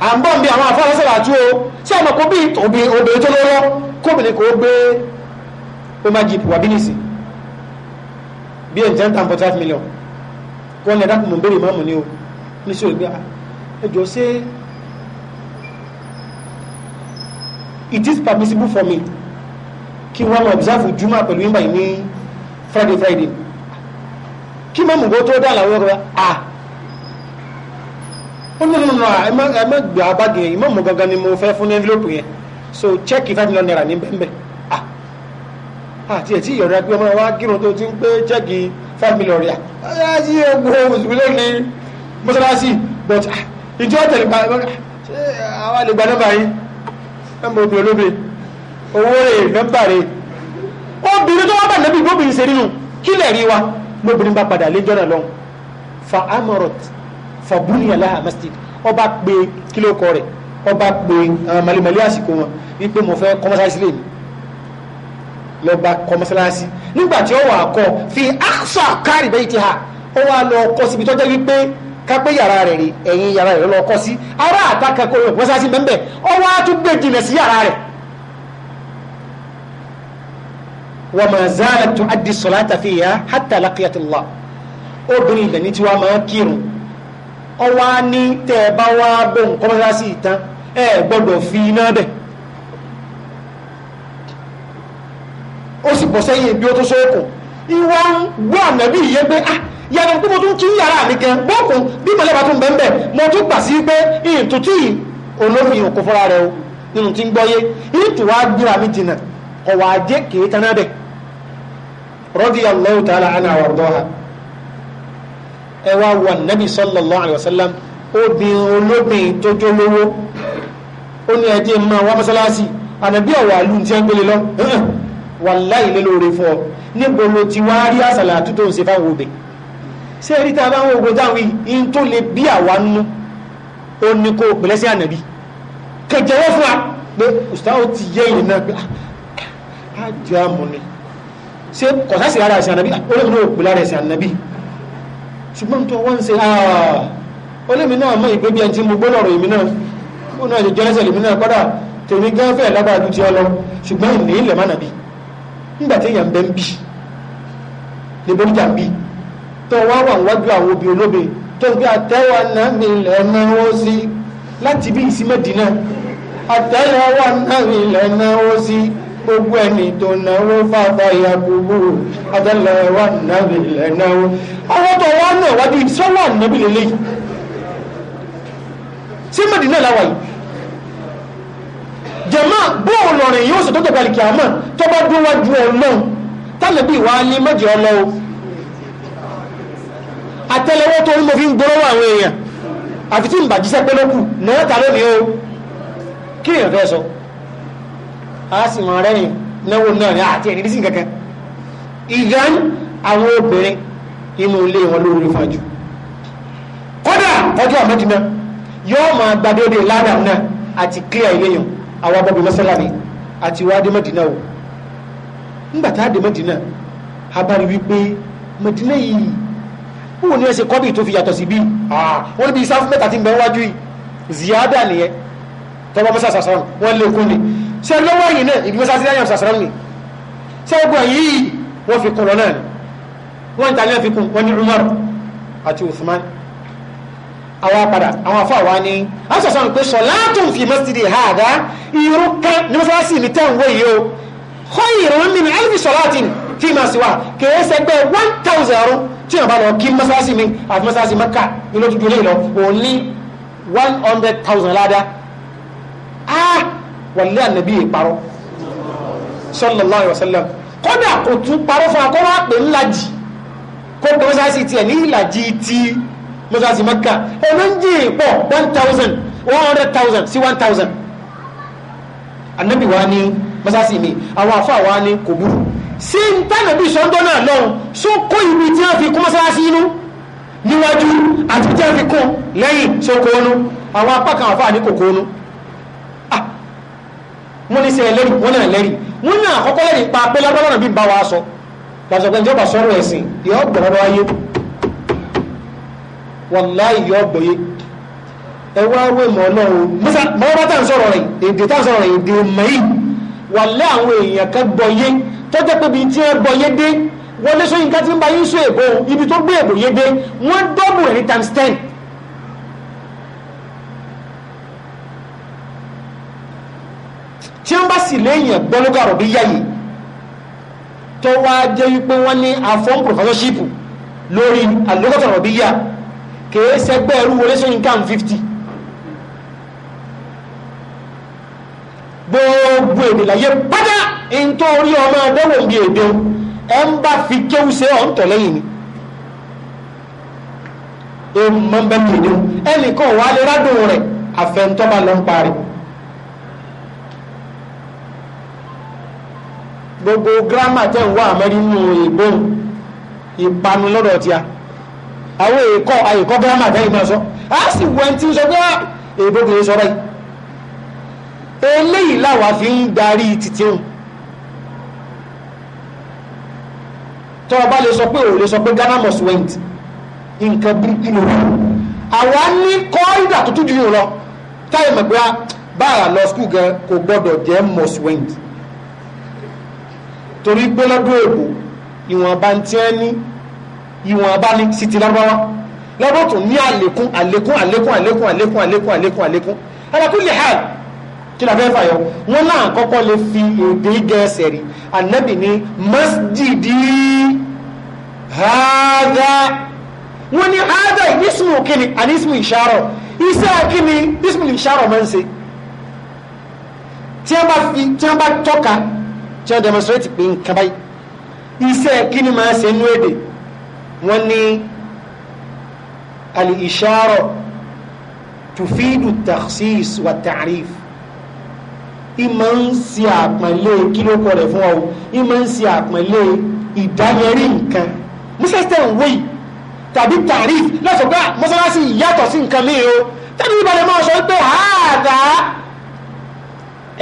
à ń bọ̀ bí àwọn afọ́nà sọ̀rọ̀ àti o tí àwọn kò bí obìnrin tó lọ́wọ́ kóbìnrin kò gbé ó má jìpù wà bí nìsí bí ẹ̀ ń million wọ́n lè dákùnmọ̀ bèrè máàmù ní o ní sí ògbé ah, ẹjọ́ ṣe it is permissible for me kí wọ́n mọ̀ observe juma pẹ̀lú yín báyìí ní friday friday kí máàmù gbọ́ tó dá àlàwọ̀ rẹ̀ à ó ní nínú ẹ má gbà báàgì yẹn ìmáàmù gangan ni mo fẹ́ fún ní envelope yẹn so check if five million naira ní bẹ́ẹ̀ bẹ́ẹ̀ ah, àti ẹ̀ tí ìyọ̀rẹ́ pé ọmọ wa gírun tó ti ń pé check five million rẹ̀ mọ́sálásí ogun mùsùlùmí lónìí mọ́sálásí but ah, ìjọ tẹ̀lé pa àwọn àlegbà nọ́mbà yìí nọ́mbà obìnrin olóbe owó rẹ̀ nọ́mbà rẹ̀ obìnrin tó wá bá nẹ́bí gbóbìnrin ṣe nínú kí lẹ̀ rí wa gbóbìnrin bá padà léjọ́ náà lọ́hùn fa amorot fa buniyala masjid ọba pé kílókọ rẹ̀ ọba pé àwọn malimali àsìkò wọn wípé mo fẹ́ kọ́mọ́sáìsì lè mi lọ bá kọ́ mọ́sálásí nígbà tí ó wà kọ́ fi áṣà kárì bẹ́ẹ̀ ti ha ó wá lọ kọ́ síbi tọ́jọ́ wípé kápẹ́ yàrá rẹ̀ rí ẹ̀yìn yàrá rẹ̀ lọ kọ́ sí ará àtàkà kó rẹ̀ mọ́sálásí mẹ́mbẹ̀ ó wá tún gbé jìnà sí yàrá rẹ̀. wa ma zalat tuaddi salata fiha hatta laqiyat Allah obìnrin ilẹ̀ tí wàá máa kírun ó wá ní tẹ́ ẹ bá wá bóun kọ́ mọ́sálásí ìtàn ẹ gbọ́dọ̀ fi iná bẹ́ẹ̀ ó sì bọ́ sẹ́yìn bí ó tó sóòkùn ìwọ ń gbọ́ ànábì yìí pé ah yàtọ̀ pé mo tún kí yàrá mi gan bọ́ọ̀kùn bí mọ̀lẹ́bà tún bẹ́ẹ̀ bẹ́ẹ̀ mo tún gbà sí pé ìtútù yìí olófin òkú fúnra rẹ o nínú tí ń gbọ́yé ìtù wá gbéra mi jìnà ọ̀wà ajé kìí tán náà bẹ̀ radiyallahu ta'ala anha wardaha ẹ wá wà nábì sallallahu alayhi wa sallam obìnrin olóbìn tójó lówó ó ní ẹjẹ máa wá mọ́sálásì ànàbí ọ̀wà lù ń tiẹ́ ń gbélé lọ wàláì lélóore fún ọ níbo lo ti wá rí àsàlà àtúntò ń ṣe fáwọn obè ṣé rí tá a bá ń ogun táwọn yìí tó lè bí àwa nú ó ní kó pẹ̀lẹ́ sí ànàbí kẹjẹwọ́ fún wa pé ustaz ó ti yẹ ìrìnà pé ah, á jẹ́ àmọ́ ni ṣé kọ̀sásì ara ẹ̀sìn ànàbí olóògùn náà pẹ̀lẹ́ ara ànàbí ṣùgbọ́n tó wọ́n ń ṣe olómi ah, náà mọ ìgbébí ẹni tí mo gbọ́ lọ́rọ̀ èmi náà ó náà jẹ́ lẹ́sẹ̀ lèmi náà padà tèmi gánfẹ́ lágbára ju ti ṣùgbọ́n ìní mánàbí nígbà tí èèyàn bẹ́ ń bì lè borí jà ń bì tó wá wà wájú àwọn obì olóbe tó ń gbé àtẹ́wà náà mi lẹ́nu ó sí láti bí ìsímẹ́dì náà àtẹ́wà náà mi lẹ́nu ó sí gbogbo ẹni tó náwó fàtà yakubu àtẹ́wà náà mi lẹ́nu ó. àwọn tó wá náà wájú ìsọ́lá nàbí lélẹ́yìí símẹ́dì náà láwàyí jẹ̀mọ́ bóun lọ́rìn yóò ṣètò tọ̀gbà ìkẹ́ àmọ́ tó bá dún wájú ọlọ́run tálẹ́bí wa ní mẹ́jọ ọlọ́run àtẹ́lẹwọ́ tó ní mo fi ń gbọ́rọ́wọ́ àwọn èèyàn àfi tí ń bàjíṣẹ́ pé lókù náà tà lónìí o kí èèyàn fẹ́ sọ a sì mọ̀ rẹ́yìn náwó náà ní àti ẹ̀ní sí kankan ìgbàn àwọn obìnrin inú ilé wọn lórí fàájú kódà ọjọ́ àmọ́dínà yóò máa gbàdédé ládàá náà àti clear ilé yàn àwọn abọ́bí mọ́sálàmì àti wá dé Mẹ́dínà o ńgbà tá a dé Mẹ́dínà a bá rí wípé Mẹ́dínà yìí wọ́n ní ẹsẹ̀ kọ́bì tó fi yàtọ̀ sí bí wọ́n níbi sáfù mẹ́ta ti ń bẹ ziyada nìyẹn tọ́ba mọ́sá sàṣàrán wọ́n lé okun ni ṣé lọ́wọ́ yìí náà ìgbìmọ̀ sá sí ayọ̀ sàṣàrán ni ṣé ogun yìí wọ́n fi kún lọ náà wọ́n ń ta ní àfikún wọ́n ní Umar àti Uthman àwa padà àwọn afọ àwa ni a sọ sọ́nà pé sọ̀látùn fi mẹ́sìdì hàdá irú kan ní mọ́sálásì ní tẹ́wọ́ yìí o kọ́ ìrún nínú alfi sọ̀látìn fi máa sì wà kìí sẹgbẹ́ one thousand ọ̀rún tí wọ́n bá lọ kí mọ́sálásì mi àti mọ́sálásì mẹ́ka ní lójú dúró lè lọ òun ní one hundred thousand ládá a ah, wàlé ànàbí ìparọ́ sallallahu alaihi wasallam kódà kò tún parọ́ fún akọ́rọ́ àpè ńlá jì kó pé mọ́sálásì tiẹ̀ ní ìlàjì ti mọ́sáàsì maka ẹ̀mí ń jìn pọ̀ one thousand one hundred thousand sí one thousand anabi wa ni mọ́sáàsì mi àwọn afa wa ni kò burú sí ń tànàbí sọ́ńdọ́ náà lọ́hùn só kó ibi tí wọ́n fi kún Niwaju inú níwájú àti tí wọ́n fi kún lẹ́yìn sókóónú àwọn apá kan àfa ní kòkóónú ah! wọ́n ní sẹ́ ẹlẹ́rìí wọ́n náà lẹ́rìí wọ́n náà àkọ́kọ́ lẹ́rìí pa pé lábọ́lọ́nà bí ń bá wa sọ làṣọ̀gbẹ́njọba sọ̀rọ̀ ẹ̀sìn ìyọ́ gbọ̀rọ̀ wáyé wàláì yọ ọgbọ̀yé ẹwà awé mọ̀ o mọ́ra tá ń sọ̀rọ̀ rẹ̀ èdè tá ń sọ̀rọ̀ rẹ̀ èdè mẹ́yì wàlẹ́ àwọn èèyàn kan gbọ̀yé tó jẹ́ pé bíi tí ẹ gbọ̀yé dé wọlé sóyìn ká ti ń ba yín sọ èbó ibi tó gbé èbó yé dé wọ́n dọ́bù rẹ̀ ní times ten. tí wọ́n bá sì léèyàn gbọ́lógàrọ̀ bí yáyé tó wá jẹ́ wípé wọ́n ní àfọ́n professorship lórí àlọ́gọ́tọ̀rọ̀ bí yá kèé sẹgbẹ́ ẹrú wọlé sóyìn kan fifty gbogbo èdè láyé pátá nítorí ọmọ adéwò ń bi èdè ẹ ń bá fi kéwù ṣe ọ̀ ń tọ̀ lẹ́yìn ni ẹ mọ bẹ kéde o ẹnìkan wà á lè rádùn rẹ àfẹnutọ́ba ló ń parí. gbogbo gírámà tẹ̀ ń wá àmọ́rí nù ìbọn ìpanu lọ́dọ̀ tíya. àwọn èkọ́ àyèkọ́ gírámà tẹ́ ìgbà sọ a sì wọ́n tí ń sọ pé ah, èbó kì í sọ̀rọ̀ yìí eléyìí làwà fi ń darí títí hùn tọ́ bá lè sọ pé ò lè sọ pé Ghana must went nǹkan burúkú ló wà àwa ní kọ́ńdà tó tún jù yìí lọ táyà mọ̀ pé ah, báyà lọ skul gan kò gbọ́dọ̀ jẹ́ must went torí pé lọ́dún èkó ìwọ̀nba ti ẹ́ ní ìwọ̀n bá ní sí ti lárúbáwá lọ́dún tó ní àlékún àlékún àlékún àlékún àlékún àlékún àlékún àlékún ala kulli hal kí la fẹ́ fàyọ wọn náà kọ́kọ́ lè fi èdè gẹ̀ẹ́sẹ̀ rí ànábì ní masjidi hada wọn ni hada ìnísùmù kíni ànísùmù ìṣàrọ̀ iṣẹ́ kíni ìnísùmù ìṣàrọ̀ máa ń ṣe tí wọ́n bá tọ́ka tí wọ́n demonstrate pé nǹkan báyìí iṣẹ́ kíni máa ń ṣe nú èdè wọ́n ní al-ishara tufidu takhsis wa ta'rif ìmọ̀ ń ṣe àpọ̀nlé kílókọ rẹ̀ fún ọ ìmọ̀ ń ṣe àpọ̀nlé ìdáyẹrí nǹkan mọ́sẹ̀sẹ̀ ń wéyìí tàbí tàríf lọ́sọ̀ pé ah, mọ́sálásí yàtọ̀ sí nǹkan mí o tẹ́lú ìbàdàn máa sọ pé àádá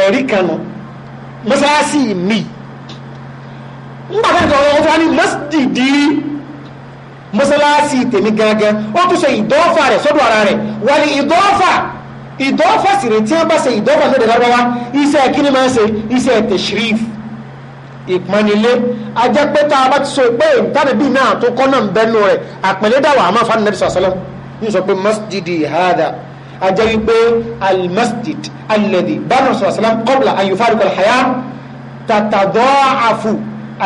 ẹ̀rí kan nù mọ́sálásí mi ń bàtà ìtọ̀ ọ̀rọ̀ ọ̀fọ̀ ní mọ́sídìí mọ́sálásí tèmi gangan ó tún ṣe ìdọ́fà rẹ̀ sọ́dọ̀ ara rẹ̀ wà ní ìdọ́fà ìdọ́fà sì rètí wọn bá ṣe ìdọ́fà lóde lọ́wọ́ iṣẹ́ kíni máa ń ṣe iṣẹ́ tẹ̀sírìf ìpọnilé ajẹ́pẹ́ tá a bá ti sọ pé ìtàdé bíi náà tó kọ́ náà ń bẹ́nu rẹ̀ àpẹ̀lẹ́ dàwọ̀ àmọ́ fún anabi sàṣẹlẹ̀ ń sọ pé masjidi hada ajẹ́ wípé almasjid alẹ́dì bánà sàṣẹlẹ̀ qabla ayùfáàdùkọ̀ alhaya tatadọ́ àfù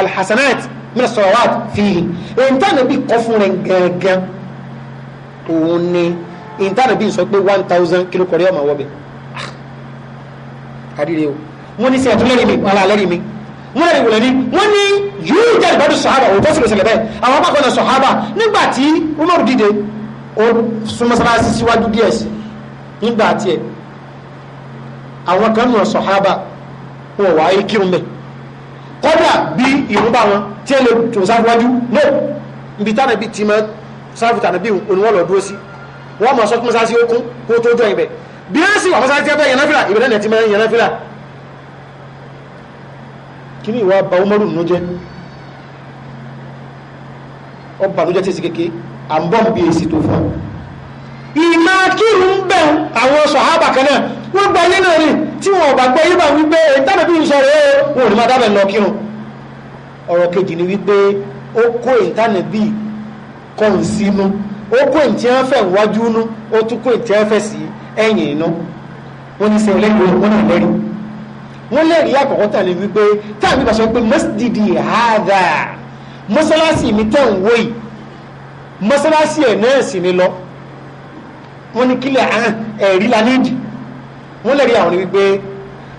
alhassanat min as-salawat fihi ìntànà bí kọ́ fún rẹ̀ gẹ́gẹ́ òun ni ìntànà bí sọ pé one thousand kìlọ̀ kọ̀rí ọmọ wọ́bẹ̀ ah, àdìrẹ́ o wọ́n ní sẹ́yìn tó lẹ́rìí mi wọ́n lẹ́rìí mi wọ́n lẹ́rìí wọ̀lẹ́ ní wọ́n ní yóò jẹ́ ìbádùn sọ̀hábà òótọ́ sì lè ṣẹlẹ̀ bẹ́ẹ̀ àwọn apá kan sọ̀hábà nígbà tí kọ́dà bí ìrúbà wọn tí ẹ lè tó sáfíwájú no ibi tánà bí ti máa sáfì tánà bí oníwọ̀lọ̀ dúró sí wọ́n máa sọ fún sáà sí okun kó tó jọ ibẹ̀ bí ẹ sì wà fún sáà tí ẹ bẹ́ yẹnáfìlà ìbẹ̀rẹ̀ nẹ̀ ti máa yẹnáfìlà kí ni ìwà bá Umaru nù jẹ́ ọba nù jẹ́ tí èsì kéke à ń bọ́ bí èsì tó fún un ìmá kírun bẹ́ẹ̀ àwọn sọ̀hábà kan wọ́n gba ilé náà rí tí wọ́n bá gbọ́ yí bá wípé ìtàbí bí ìṣọ́ rẹ̀ wọ́n rí máa dábẹ̀ lọ kírun ọ̀rọ̀ kejì ni wípé ó kó ìtànàbí kọrùn sínú ó kó ìtì ẹ̀ fẹ́ wájú inú ó tún kó ìtì ẹ̀ fẹ́ sí ẹ̀yìn inú wọ́n ní sẹ́yìn lẹ́gbẹ̀ẹ́ wọ́n náà lẹ́rìí wọ́n lẹ́rìí àkọ́kọ́ tàbí wípé táàbí bá pé masjidi hada mọ́sálásì mi tẹ̀ ń wọ́yì mọ́sálásì ẹ̀ náà sì ni lọ wọ́n ní kílẹ̀ ẹ̀rí la nídìí wọ́n lè rí àwọn wípé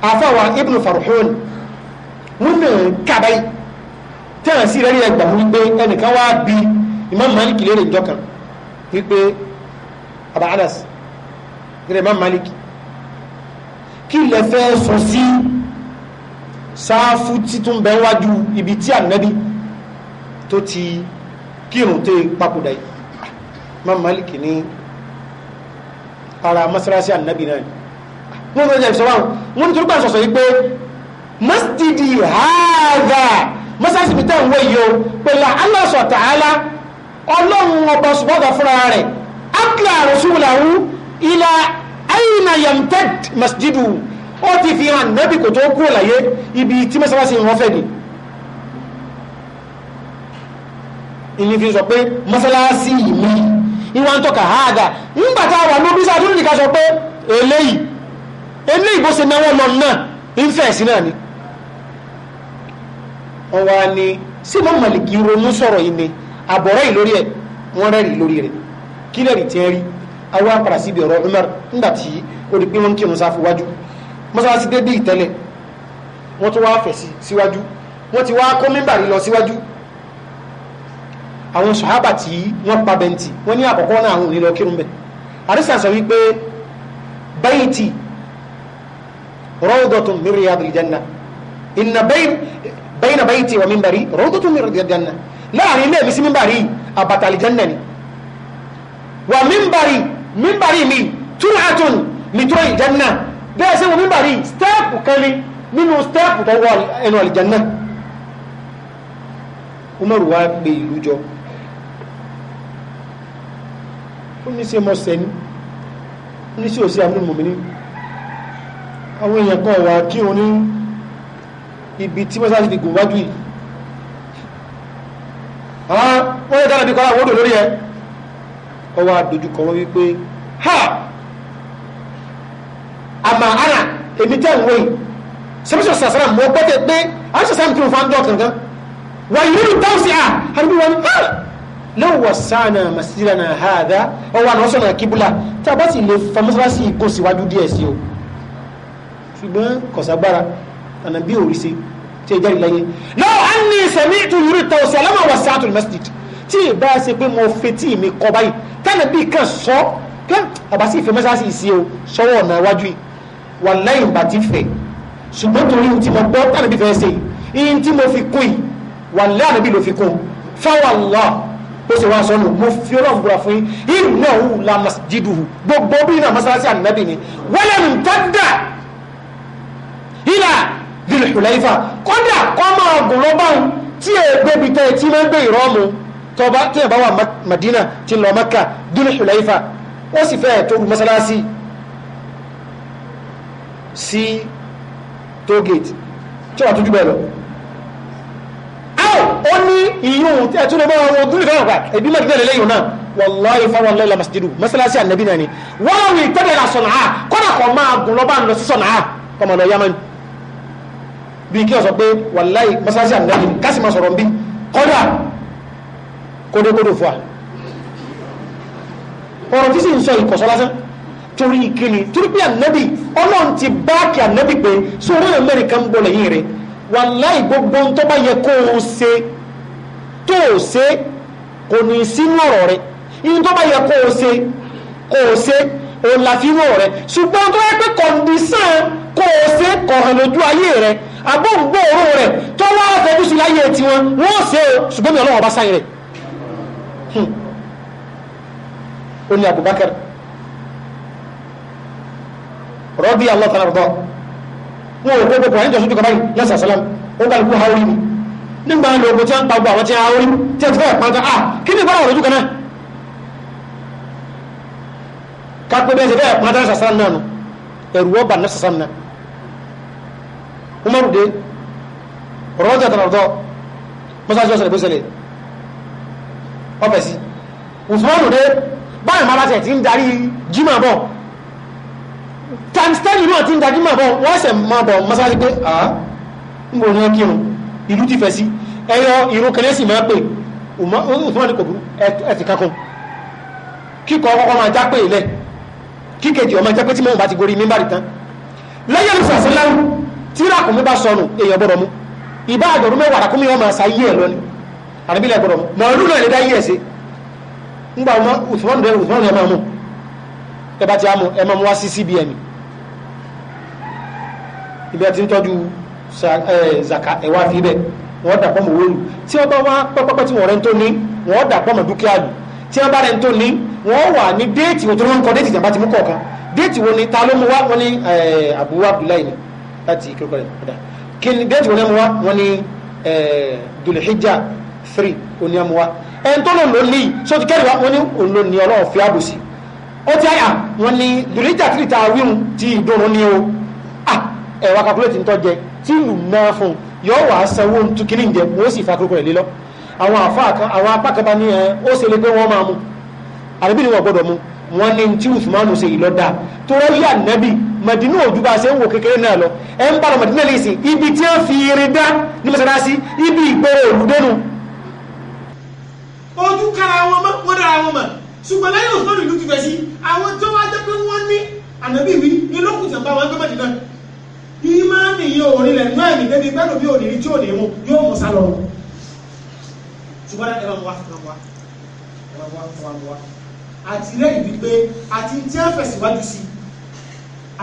afáwa ibn farhun wọ́n náà kàbáyì tí àwọn sí rẹ́rí ẹgbà wípé ẹnìkan wá bí imam malik lérè ìjọkan wípé abba anas rẹ̀ imam malik kí lè fẹ́ sọ sí sáfù títún bẹ́ wájú ibi tí ànábì tó ti kírun tó papòdà yìí ah, imam malik ní ara masalasi ànábì náà wọ́n tó jẹ́ ìṣọ́wọ́n wọ́n tó rúgbà sọ̀sọ̀ yí pé masjidi haza masasi tẹ́ ń wé pẹ̀lú Allah ta'ala ọlọ́run ọba ṣùgbọ́dọ̀ fúnra rẹ̀ akla rasulahu ila aina yamtad masjidu ó ti fi hàn nẹ́bí kò tó kúrò láyé ibi tí masalasi wọn fẹ́ ni ìní fi sọ pé masalasi mi ìwà ń tọ́ka haza nígbàtà wà lóbi sáà tó nìkan sọ pé eléyìí ilé ìbóse náwó lọ náà ń fẹ́ sí náà ni ni sí mọ́ màlìkì ronú sọ̀rọ̀ yìí ni àbọ̀rọ̀ yìí lórí ẹ̀ wọ́n rẹ́rì lórí rẹ̀ kí lẹ́rì tí ń rí awọ́ apàrà síbi ọ̀rọ̀ Umar nígbà tí di pé wọ́n ń kírun sáfù wájú mọ́sálásí dé bí ìtẹ́lẹ̀ wọ́n tún fẹ̀ sí síwájú wọ́n ti mímbàrí lọ síwájú àwọn sọ̀hábà tí wọ́n pa bẹ́ntì wọ́n ní àkọ́kọ́ náà àwọn ò lọ kírun bẹ́ẹ̀ sọ wípé روضة من رياض الجنة إن بين بين بيتي ومنبري روضة من رياض الجنة láàrin ilé mi sí mímbàrí àbàtà àlìjẹ́nà ni wà mímbàrí mímbàrí mi túnú àtún mìtúrọ̀ ìjẹ́nà bẹ́ẹ̀ sí wọ mímbàrí stẹ́ẹ̀pù kẹ́lí nínú stẹ́ẹ̀pù tó wọ ẹnu àlìjẹ́nà umaru wa gbé ìlú jọ ó ní ṣe mọ́ sẹ́ni ó ní ṣe òsì àmúlùmọ̀mí àwọn èèyàn kan wà kí o ní ibi tí mọ́sáàsì ti gùn wájú yìí àwọn wọ́n yẹ dára bí kọ́lá wọ́dọ̀ lórí ẹ ọwọ́ àdójúkọ wọn wípé ha àmà ara èmi tẹ́ ìwé yìí sẹ́mísọ̀ sàṣàrà mọ́ pẹ́tẹ́ pé àṣàṣà ń tún fáńdọ̀ kankan wà yìí ń dáhùn sí à àdúgbò wọn ha lẹ́wọ̀n wà sáànà màsílẹ̀ náà ha àdá ọwọ́ àná sọ̀nà kíbúlà tí a bá sì lè fa mọ́sáàsì ìgò síwájú díẹ̀ sí o ṣùgbọ́n kọ̀sàgbára àná bí òrìṣe tí ẹ jáde láyé lọ́wọ́ á ní ìsẹ̀mí tó yúrí ta ọ̀sẹ̀ alámọ̀ wà sí àtúntò mẹ́sìtì tí ìbá ṣe pé mo fetí mi kọ báyìí tẹ́lẹ̀ bí kan sọ pé àbá sì fẹ́ mẹ́sàásì sí o sọ́wọ́ ọ̀nà iwájú yìí wà lẹ́yìn bá ti fẹ̀ ṣùgbọ́n torí ohun tí mo gbọ́ tẹ́lẹ̀ bí fẹ́ ṣe yìí ihun tí mo fi kún yìí wà lẹ́yìn àbí ló fi kún fáwọn lọ́ọ̀ ó sì wá sọ nù mo fi ọlọ́run búra fún yín ìnáwó la masjidu gbogbo bí iná masalasi ànábì ni wọ́n tó dáa ilà dìlùhùlẹ́fà kódà kọ́ máa gùn lọ́bọ̀n tí ẹ gbébi tẹ́ tí máa ń gbé ìrọ́mù tọba tí ẹ bá wà Madina tí lọ Mẹ́kà dìlùhùlẹ́fà ó sì fẹ́ tó rú mọ́sálásí sí tógèètì tí wọ́n tójú bẹ́ẹ̀ lọ ó ní ìyún tí ẹ̀tún lè máa wọn dúlù fẹ́ràn pa ẹbí mẹ́rin tẹ́lẹ̀ lẹ́yìn náà wàláyé fáwọn lẹ́la masjidu masalasi ànàbí náà ni wọ́n wí tẹ́lẹ̀ la sọ̀nà á kọ́nà kọ́ máa gùn lọ́ba lọ sí sọ̀nà á kọ́mọ yamani bí kí ọ̀sọ̀ pé wàláì mọ́sálásí àmìlẹ́yìn kásì máa sọ̀rọ̀ bí kọ́dà kódókódò fún wa ọ̀rọ̀ tí sì ń sọ ìkọ̀sọ́ lásán torí ìkíni torí pé ànábì ọlọ́run ti báàkì ànábì pé sórí mẹ́rin kan bọ̀ lẹ́yìn rẹ̀ wàláì gbogbo tó bá yẹ kó o ṣe tó o ṣe kò ní sínú ọ̀rọ̀ rẹ̀ ihun tó bá yẹ kó o ṣe kó o ṣe òun làfihàn rẹ̀ ṣùgbọ́n tó yẹ pé kọ̀ǹdísàn kó o ṣe kọ̀hàn lójú ayé rẹ̀ àbúgbò òru rẹ̀ tó wá fẹ́jú sí láyé tí wọn wọ́n ṣe é ṣùgbọ́n mi ọlọ́wọ́ bá sáyé rẹ̀ hmm. ó ní Abubakar rọ́bí Allah tààrà rọ́ wọn ò gbogbo kọ̀ọ̀yìn jọ̀sọ́jú kọ̀ọ̀yìn lẹ́sà sálám ó kálukú ha orí mi nígbà lọ ogun tí a ń pa gbọ́ àwọn tí a orí tí a ti fẹ́ pàtó à ah, kí ni ìbára òròjú kan náà kápẹ́ bẹ́ẹ̀ ti fẹ́ pàtó lẹ́sà sálám náà nù ẹ̀rù ọba lẹ́sà umaru dé rọ́jà tàbí mọ́sájú ọ̀sẹ̀lẹ̀ bó ṣẹlẹ̀ ọ̀fẹ́ sí usmanu dé báyìí máa láti ẹ̀ tí ń darí jímọ̀ bọ̀ times ten ìlú àti ń darí jímọ̀ bọ̀ wọ́n ṣẹ̀ máa bọ̀ mọ́sájú pé à ń gbòòrùn wọn kírun ìlú ti fẹ̀ sí ẹyọ ìrún kẹlẹ́sì máa pè usmanu kò burú ẹ ti kankan kíkọ ọkọ̀ máa já pé ilẹ̀ kíkejì ọmọ ìjẹ́pẹ́ tí mọ̀ bá ti gorí mímbàrì tán lẹ́yìn ìfọ̀síláwù tí ràkúnmí bá sọnù èèyàn gbọ́dọ̀ mú ìbá àdọ̀rún mẹ́wàá ràkúnmí wọn máa sa yí lọ ni àrẹ́bílẹ̀ gbọ́dọ̀ mú mọ̀ọ́lù náà lè dá yí ẹ̀ sí ńgbà máa ti CBN ibi zaka ẹ wá fi dà tí bá wá tí ń tó ní dà dúkìá tí bá ń tó ní wà ní déètì wọn ni ta ló mú wá wọn láti kíkọ́ rẹ̀ padà kí ni déètì wọn ni amuwa wọn ni dùlùhíjà three wọn ni amuwa ẹni tó lòun ló ní so ti wa wọn ni òun ló ní ọlọ́run fi ààbò sí ó ti àyà wọn ni dùlùhíjà three ta wíhun ti ìdùnnú ni o ẹ̀wà kakuléètì ń tọ́ jẹ tí ìlú náà fún un wà á sanwó ntukiri ń jẹ wọ́n sì fa kúrúkú rẹ̀ lé lọ àwọn àwọn apá kaba ní ẹ ó ṣe lé pé wọ́n máa mú àdébí ni wọ́n gbọ́dọ̀ mú wọn ní tí Usman ṣe ìlọ́dà tó rọ́ yí ànábì mẹ̀dínú òjú bá ṣe ń wò kékeré náà lọ ẹ ń bára mẹ̀dínú lè sí ibi tí wọ́n fi irin dá ní mọ́sálásí ibi ìgboro olùdẹ́nu. ojú kára wọn mọ wọn dára wọn mọ ṣùgbọ́n lẹ́yìn òfin ìlú ti fẹ́ sí àwọn tó wá jẹ́ pé wọ́n ní ànábì wí ní lókùtàn bá wọn gbé mẹ̀dínà ìmáàmì yóò orin lẹ̀ náà ní débi pẹ́lú bí òní tí ò ní mú yóò mú sálọ ṣùgbọ́n ẹ máa wá ẹ máa wá ẹ máa wá ẹ a fẹ̀síwájú sí i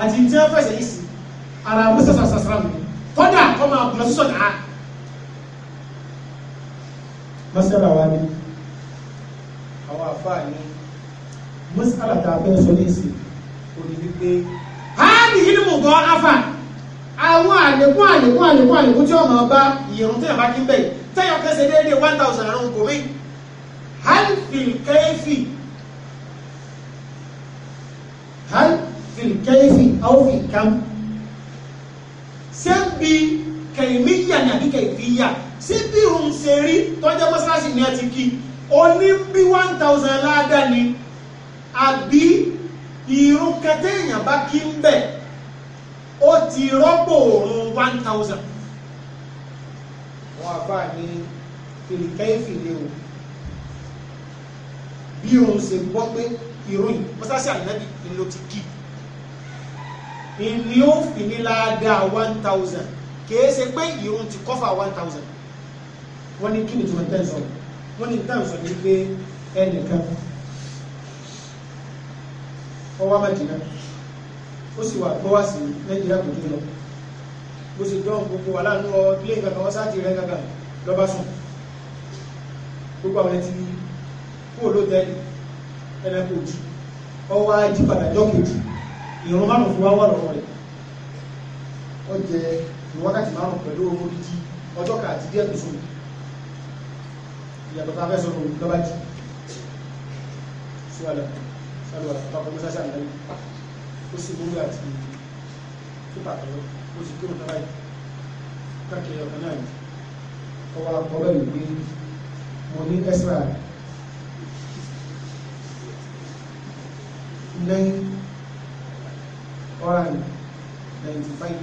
àti tí wọ́n fẹsẹ̀ yìí sí ara musa sàṣàṣàṣàrà mi kọ́dà kọ́ máa kùnà sísọ nàá. masala wa ni àwọn àfáà ni masala tá a fẹ́ sọ ní ìsìn kò ní wípé. hali yìí ni mo gbọ́ afa àwọn àlékún àlékún àlékún àlékún tí ọmọ bá ìyẹ̀rùn tí ìyàbá kí ń bẹ̀ tẹ́yọ̀ kẹsẹ̀ déédéé one thousand àrùn kò mí hali fìlkẹ́fì hali fìlkẹ́yìfì àwòfì kam ṣé ń bi kẹ̀míyà ní àbí kẹ̀fíyà ṣé bí òun ṣe rí tọ́jọ́ mọ́ṣáláṣí ni a ti kí o ní bí one thousand láàdá ni àbí irun kẹtẹ èèyàn bá kí one thousand wọn àbá ni o bí òun ṣe gbọ́ pé ìròyìn mọ́ṣáláṣí ànábì ni ló ti kí i ni ó fi ní láàdá one thousand kìí ṣe pé ìrun ti kọ́fà one thousand wọ́n ní kí ni tí wọ́n tẹ̀ sọ wọ́n ní tẹ̀ sọ ní pé ẹnìkan ọwọ́ mẹ́tìlá ó sì wà gbọ́wà sí nàìjíríà kò tó lọ bó ṣe dán gbogbo wà láàánú ọ ilé ìgbàgbà wọn sáà ti rẹ gàgà lọ́ba sùn gbogbo àwọn ẹni tí kúrò lóòótọ́ ẹni ẹnìkan kò jù ọwọ́ ajípadà jọ́ kò jù ìrún márùn fún wa wà lọ́wọ́ rẹ̀ ó jẹ wákàtí márùn pẹ̀lú owó dídí ọjọ́ kan àti díẹ̀ tó sùn ìyàtọ̀ tá a fẹ́ sọ lórí lọ́ba jù sí wàlẹ̀ sálù wàlẹ̀ tó akọ́gbé sáṣà nílẹ̀ ó sì gbóngbé àti pípà pẹ̀lú ó sì kúrò lọ́ba yìí káàkiri ọ̀kan náà yìí ọwọ́ akọ́gbé mi gbé mo ní ẹ́sìrà nine one ninety-five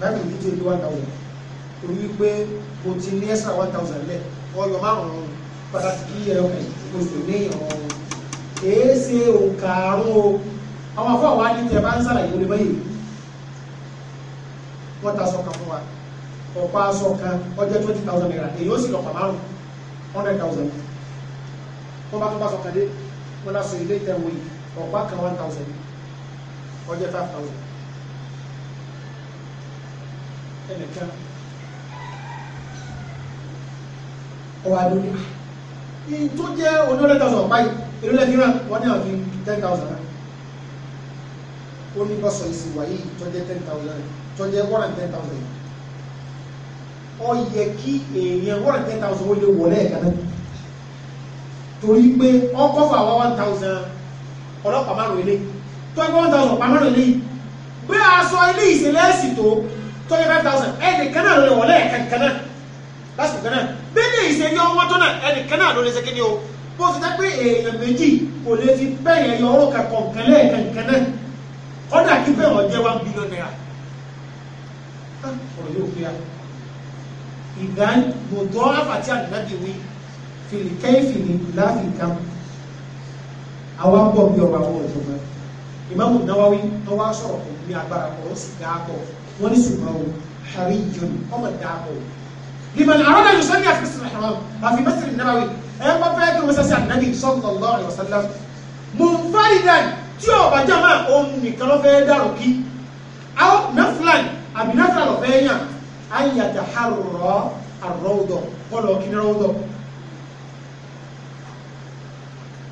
báyìí ní ti one thousand o ní pé o ti ní extra one thousand lẹ̀ ọlọ márùn-ún padà kí ẹ o sì ní ìrànwọ́ èé ṣe òǹkà àrùn o àwọn afọ àwọn adìtẹ bá ń ṣàlàyé olè báyìí wọ́n ta aṣọ kan fún wa ọ̀pá aṣọ kan ọjọ́ twenty naira èyí ó sì lọ́pàá márùn-ún hundred wọ́n bá tún bá aṣọ kan dé wọ́n lásọ ilé ìtẹ̀wé yìí ọ̀pá kan one thousand or ọjọ́ five thousand ẹnìkan ọwọ́ adúlé ní tó jẹ́ oní hundred thousand ọ̀pá yìí èrò lẹ́fi rán wọ́n ní àfi ten thousand Only ó ní bọ́sọ̀ ìsìn wáyé tó ten thousand tó jẹ́ one hundred ten thousand yìí ó yẹ kí èèyàn one ten thousand ó lè wọlé ẹ̀ka náà torí pé ọkọ̀ fà wá one thousand ọlọ́pàá márùn ilé tọ́gbọ́n one thousand ọ̀pá márùn ilé pé aṣọ ilé ìṣẹ̀lẹ̀sì tó tọ́jú five thousand ẹnìkan náà ló lè wọlé ẹ̀kankan náà lásìkò kan náà bẹ́ẹ̀ ìṣe yọ ọmọ tó náà ẹnìkan náà ló lè ṣe kí ni o bó ti jẹ́ pé èèyàn méjì kò lè fi bẹ́ẹ̀ yọ ọ̀rọ̀ kankan kẹlẹ́ kankan náà kọ́dà kí bẹ́ẹ̀ wọ́n jẹ́ one billion naira ah, ọ̀rọ̀ yóò fi ya ìdán mọ̀tọ́ àfàtì àdìdá ti wí fìlìkẹ́ ìfìlì láfi kan àwa ń bọ̀ bí ọ̀rọ̀ àwọn ọ̀jọ̀gbọ́n ìmáàmù náwáwí náwá sọ̀rọ̀ kò ní agbára ọ̀rọ̀ sì dáàbọ̀ wọ́n ní ṣùgbọ́n o àrí ìjọni ọmọ dáàbọ̀ o liman arada yusalli fi masjid al-haram àfi masjid an-nabawi ẹ bá fẹ́ kí wọ́n sẹ́sì ànábì sallallahu alaihi wasallam munfaridan tí ọba jama òun nìkan ló fẹ́ kí àwọn náfúlàn àbí náfúlàn ló fẹ́ yàn ayàtà harrọ̀ àrọ̀ọ̀dọ̀ kọlọ̀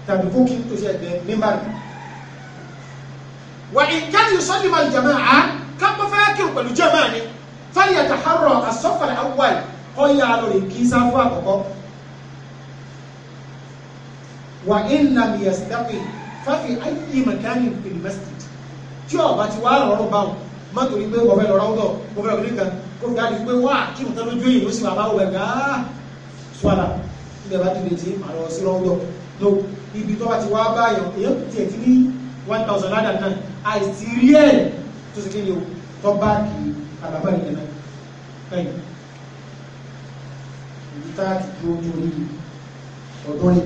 tàbí kó kí tó ṣe ẹ̀gbẹ́ mímbà rẹ̀ wà ìkẹ́ni ìsọ́lì máa jàmá a kápọ́ fẹ́ kí o pẹ̀lú jàmá ni fáyà tàhárọ̀ àsọ́fàlẹ̀ awwal kọ́ yà á lórí kí sáfù àkọ́kọ́ wà ìnà mìíràn fáfi ayé mẹkánì fìlì masjid tí ọba ti wá rọrùn báwọn má torí pé ọbẹ̀ lọ́rọ́ ọ̀dọ̀ ọbẹ̀ lọ́rọ́ nìkan kó fi dáadé pé wá kí n tán lójú èyí ló sì wà bá dìde tí màá lọ no ibi tó bá ti wá báyọ̀ èyàn tiẹ̀ ti ní one thousand ládà náà àìsí rí ẹ̀ tó ṣe kéde o tó bá kì í àbábá ìdẹ̀ náà bẹ́ẹ̀ ibi tá a ti dúró dúró níbi ọ̀dọ́ ni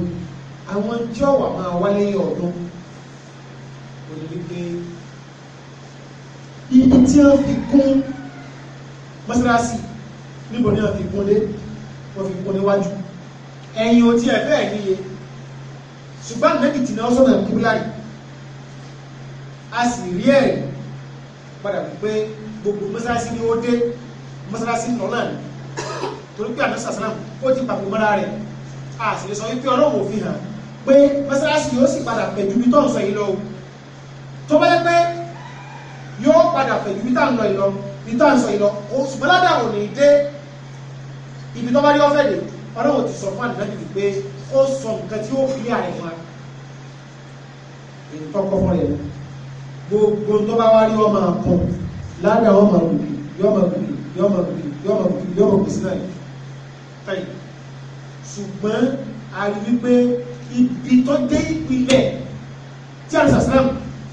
àwọn tí ọ̀wà máa wá lẹ́yìn ọ̀dún kò ní wípé ibi tí wọ́n fi kún mọ́sálásí níbo ni wọ́n fi kún dé wọ́n fi kún níwájú ẹ̀yìn ò tiẹ̀ fẹ́ẹ̀ níye ṣùgbọ́n nẹ́bì tí náà sọ́nà kíbílárì a sì rí ẹ̀rí padà pé gbogbo mọ́sálásí ni ó dé mọ́sálásí lọ́nà ni torí pé àdúrà sàlám ó ti pàpò mọ́ra rẹ̀ a sì lè sọ wípé ọlọ́run òfin hàn pé mọ́sálásí yóò sì padà pẹ̀jú bí tó ń sọ yìí lọ tó bá yẹ pé yóò padà pẹ̀jú bí tá ń sọ yìí lọ ṣùgbọ́n ládàá ò ní dé ibi tó bá rí ọ́fẹ́ dé ọlọ́run ti sọ fún àdúrà ó sọ nǹkan tí ó fi àrẹ̀ wọn ìtọ́kọ́ fún rẹ̀ gbogbo tó bá wá rí ọmọ àpọ̀ ládàá ọmọ òbí yọmọ òbí yọmọ òbí yọmọ òbí yọmọ òbí sílẹ̀ tẹ̀yì ṣùgbọ́n a rí wípé ibi tó dé ìpìlẹ̀ tí àṣàṣàm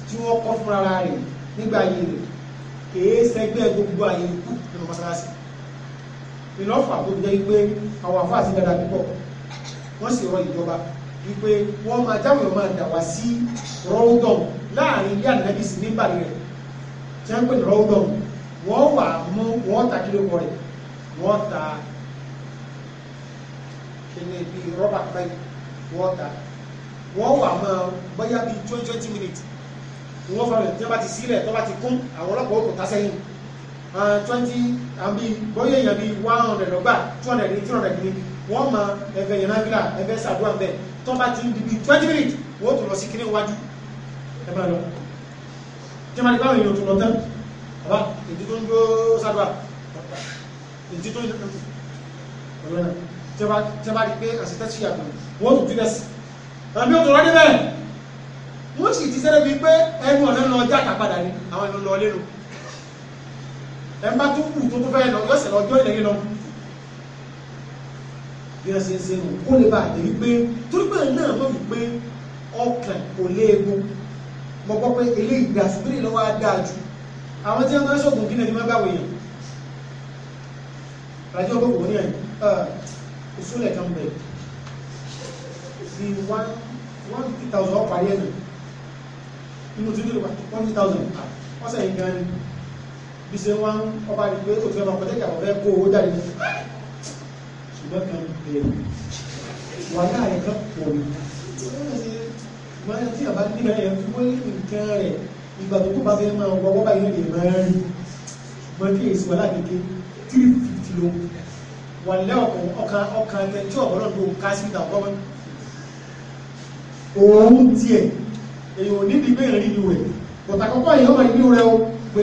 tí wọ́n kọ́ fún ara rẹ̀ nígbà ayé rẹ̀ kèé sẹgbẹ́ gbogbo ayé ikú nínú mọ́sálásí ìlọ́fà tó jẹ́ wípé àwọn àfáà sí dáadáa púpọ̀ wọ́n sì rọ ìjọba wípé wọ́n máa táwọn èèyàn máa dà wá sí rọ́ọ̀dọ̀n láàrin ilé ànábì sí nígbà rẹ̀ tí wọ́n pè ní rọ́ọ̀dọ̀n wọ́n wà mú wọ́n ta kílò kọ rẹ̀ wọ́n ta kíni bí rọ́bà báyìí wọ́n ta wọ́n wà máa bóyá bíi twenty twenty minutes wọ́n fa rẹ̀ tí wọ́n bá ti sílẹ̀ tó bá ti kún àwọn ọlọ́pàá ó kò tá sẹ́yìn. Eh, twenty àbí bóyá èèyàn bíi one hundred ọgbà two hundred ní three hundred ní wọ́n mọ ẹ̀fẹ̀ yẹn náà fílà ẹ̀fẹ̀ sàdúrà bẹ́ẹ̀ tó bá ti ń di bíi twenty minutes wọ́n tún lọ sí kíní wájú ẹ máa lọ tí wọ́n ti báwọn èèyàn tún lọ tán àbá ètí tó ń gbó sàdúrà ètí tó ń ọ̀rọ̀ náà tí wọ́n bá rí pé àṣetẹ́sí àgbọ̀n wọ́n tún ti rẹ̀ sí àbí ó tún rọ́ níbẹ̀ wọ́n sì ti sẹ́rẹ̀ bíi pé ẹnu ọ̀nà ẹ bá tó kù tó tó fẹ́ lọ yọ́sẹ̀ lọ́jọ́ ìlẹ́yìn lọ bí wọ́n ṣe ń ṣe nù kó lè bá àdé wípé torí pé náà mọ̀ wípé ọkàn kò léegbó mo gbọ́ pé eléyìí gbà ṣùgbọ́n lọ́wọ́ á dáa jù àwọn tí wọ́n máa ń ṣọ̀gùn kí ni wọ́n bá wèèyàn ràjọ ọgbọ́n kò ní ẹ̀ ìṣúlẹ̀ kan bẹ̀ sí one one thousand ọ̀pá yẹn nù inú tí ó dé lọ́pàá one thousand ah, ọ̀sẹ̀ yìí gan-an bí ṣe wá ń ọba rí pé òfin ọmọ ọ̀pọ̀ tẹ́kẹ̀ àwọn fẹ́ kó owó jáde ṣùgbọ́n kan bẹ̀rù wà láàrin kan pọ̀ mí wọ́n ti àbá nílẹ̀ yẹn fún wọ́n ní nǹkan rẹ̀ ìgbà tó kó bá fẹ́ máa wọ wọ́n báyìí lè máa rí wọ́n kí èsì wà láàkéké three fifty lo wà lẹ́ ọkàn ọkàn ẹgbẹ́ tí ọ̀pọ̀ náà tó ká sí ìta ọgbọ́n òun tiẹ̀ èèyàn ò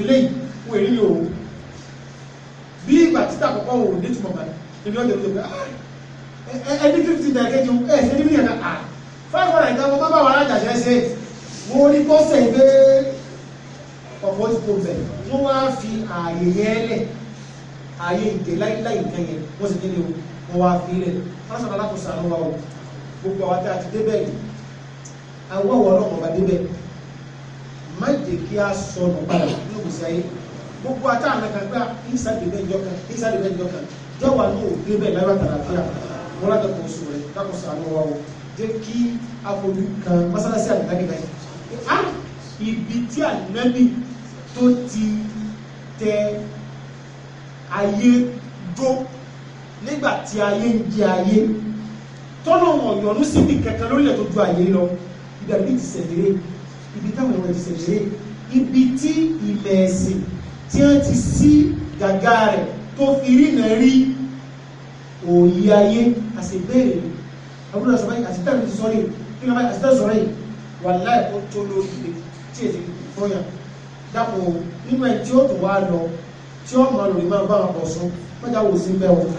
ní wò èyí o bí ìgbà títà àkọ́kọ́ wò ní tìmọ̀ bá ibi ọ̀dọ̀ tó gbà ẹni fífi ìdá kejì ẹ ṣe ní mílíọ̀nù à fáwọn ọ̀rọ̀ ìdáwọ́ bá bá wà lájà ṣe ṣe mo ní bọ́sẹ̀ ìgbé ọ̀pọ̀ ti kò bẹ̀ wọ́n wá fi ààyè yẹn lẹ̀ ààyè ìdè láìláì nǹkan yẹn wọ́n sì kéde wọ́n wá fi lẹ̀ fásitì alákòóso àánú wa o gbogbo àwọn tá a ti débẹ̀ yìí àwọn ọ̀wọ́ ọlọ́kọ̀ọ́ bá débẹ̀ má jẹ́ kí a sọnù padà ní òkùnsáyé gbogbo ata àlàkàgbà ìsàlẹ̀ bẹ́ẹ̀ jọ kan ìsàlẹ̀ bẹ́ẹ̀ jọ kan jọ̀wọ́ ní òde bẹ́ẹ̀ lára tàlàfíà wọn láti kó sùn rẹ̀ dákun sànú wa o jẹ́ kí afọlù kan mọ́sálásí àdìgbàdì báyìí a ibi tí ànábì tó ti tẹ ayé do nígbà tí ayé ń jẹ ayé tọ́nà ọ̀yọ́nú síbi kẹ̀kẹ́ lórílẹ̀ tó ju ayé lọ ibi àbí ti sẹ̀lẹ̀ ibi táwọn ẹ̀rọ ti sẹ̀lẹ̀ ibi tí ilẹ̀ tí wọ́n ti sí gàgá rẹ̀ tó fi rínà rí òye ayé àṣìbéèrè àbúrò sọ báyìí àṣìbéèrè ti sọ rí kí ló báyìí àṣìbéèrè sọ rí wà láì ó tó lórí ilé tí èsì fọyà dàpọ̀ nínú ẹ̀ tí ó tún wá lọ tí ó máa lòdì máa bá wọn pọ̀ sún wọ́n já wò sí mẹ́wọ̀n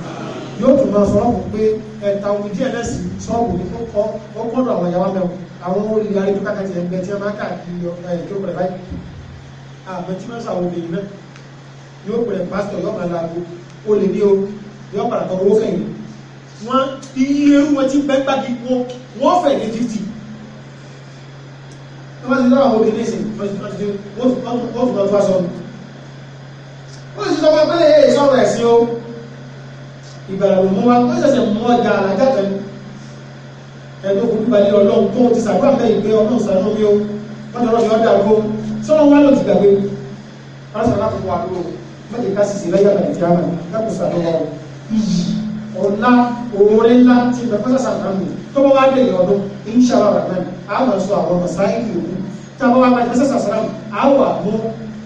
yóò tún máa sọ lọ́kùn pé ẹ̀ta omi díẹ̀ lẹ́sìn sọ́ọ̀bù ní kókó ó gbọ́dọ̀ àwọn ìyàwó mẹ́wọ̀n àwọn olùyàrí tó ẹgbẹ́ tí wọ́n máa káàkiri ọ̀gá ẹ̀ àmọ́ tí mẹ́sà àwọn obìnrin náà yóò pẹ̀lẹ̀ pásítọ̀ yóò máa laago ó lè ní o yóò padà tọrọ owó fẹ̀yìn wọ́n iye irú wọn ti bẹ́ gbági wọn wọ́n fẹ̀ ní fifty wọ́n ti sọ́wọ́ àwọn obìnrin sí wọ́n fi wọ́n fi aṣọ wọ́n ti sọ́wọ́ pẹ́lẹ̀ yẹ́ sọ́wọ́ ẹ̀ sí o ìbàràwọ̀ mọ́ wa wọ́n ṣẹ̀ṣẹ̀ mọ́ ọjà àlájá kan ẹ̀dọ́kùnrin balẹ̀ ọlọ́run tó ti sàdúrà bẹ́ẹ̀ ìgbé ọlọ́run sàdúrà bí ó wọ́n ti rọ́ọ̀ṣì ọ̀dà gbó sọ́nà wọn ló ti gbàgbé ránṣẹ́ láti fún àbúrò mẹ́jẹ ká sì sí lẹ́yà nàìjíríà lẹ́kùn sàdọ́wà o iyì ọ̀la oore ńlá ti bẹ̀ pẹ́sẹ̀ sàmì tó bá wá dé ìyọ̀dún inṣàlá rahman àwọn sọ àwọn masáyìn yòókù tá a bá wá parí pẹ́sẹ̀ sàmì àwọn àmú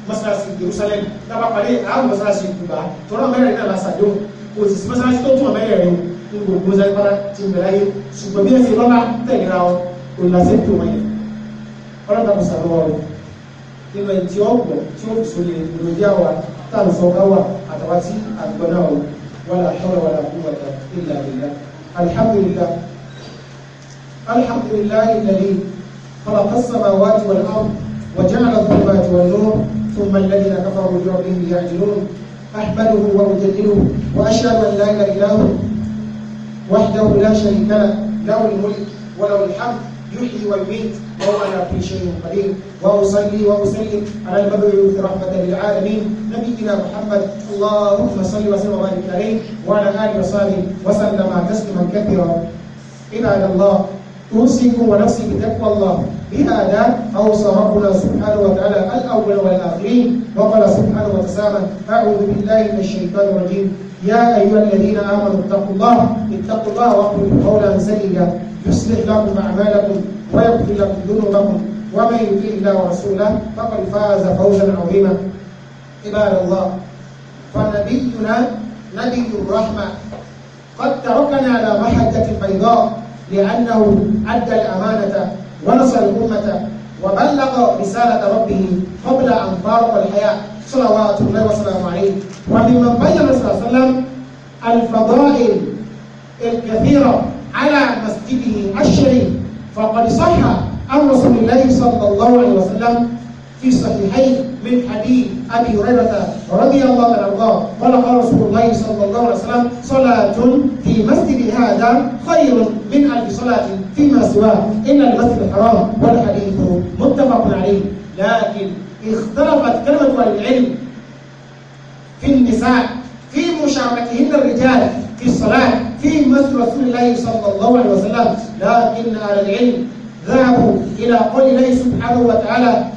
masalasi Jerusalem tá a bá parí àwọn masalasi Kuba tọ́lá mẹ́rẹ̀ náà lásàdó kò sì sí masalasi tó tún mẹ́rẹ̀ rẹ̀ ń gbogbo sáyẹ́párá ti bẹ̀rẹ̀ ayé ṣùgbọ́n bí ẹ nínú ẹni tí ó wọ̀ tí ó fi sóye ìròyìn àwa tá à ń sọ káwà àtàwà tí àgbọ̀ náà wọ̀ wàlà àtọ́rọ̀ wàlà quwwata illa billah alhamdulillah alhamdulillah alladhi khalaqa as-samawati wal يحيي ويميت وهو على كل شيء قدير واصلي واسلم على المبعوث رحمه للعالمين نبينا محمد اللهم صل وسلم وبارك عليه وعلى اله وصحبه وسلم تسليما كثيرا عباد الله اوصيكم ونفسي بتقوى الله بهذا اوصى ربنا سبحانه وتعالى الاول والاخرين وقال سبحانه وتعالى اعوذ بالله من الشيطان الرجيم يا أيها الذين آمنوا اتقوا الله اتقوا الله وقولوا قولا سديدا يصلح لكم أعمالكم ويغفر لكم ذنوبكم ومن يطع الله ورسوله فقد فاز فوزا عظيما عباد الله فنبينا نبي الرحمة قد تركنا على محجة بيضاء لأنه أدى الأمانة ونصر الأمة وبلغ رسالة ربه قبل أن فارق الحياة صلوات الله وسلامه عليه ولمن بين صلى الله عليه وسلم الفضائل الكثيرة على مسجده الشريف فقد صح عن رسول الله صلى الله عليه وسلم في صحيحين من حديث ابي هريره رضي الله عنه قال قال رسول الله صلى الله عليه وسلم صلاه في مسجد هذا خير من الف صلاه فيما سواه ان المسجد الحرام والحديث متفق عليه لكن اختلفت كلمة العلم في النساء في مشاركهن الرجال في الصلاة في مسجد رسول الله صلى الله عليه وسلم لكن أهل العلم ذهبوا إلى قول الله سبحانه وتعالى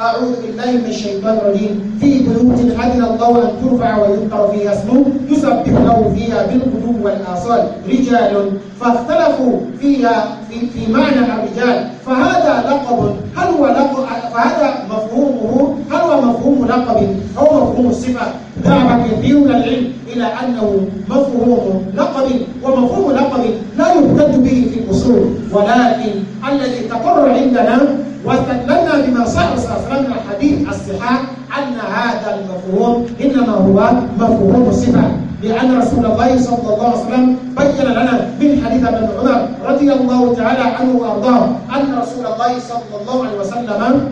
أعوذ بالله من الشيطان الرجيم في بيوت عدن الله أن ترفع ويذكر فيها اسمه يسبح له فيها بالغدو والآصال رجال فاختلفوا فيها في, في معنى الرجال فهذا لقب هل هو لقب فهذا مفهومه هل هو مفهوم لقب أو مفهوم الصفة ذهب كثير من العلم إلى أنه مفهوم لقب ومفهوم لقب لا يهتد به في الأصول ولكن الذي تقر عندنا واستدللنا بما صح صلى الله عليه وسلم من الحديث الصحاح ان هذا المفهوم انما هو مفهوم الصفه لان رسول الله صلى الله عليه وسلم بين لنا من حديث ابن عمر رضي الله تعالى عنه وارضاه ان رسول الله صلى الله عليه وسلم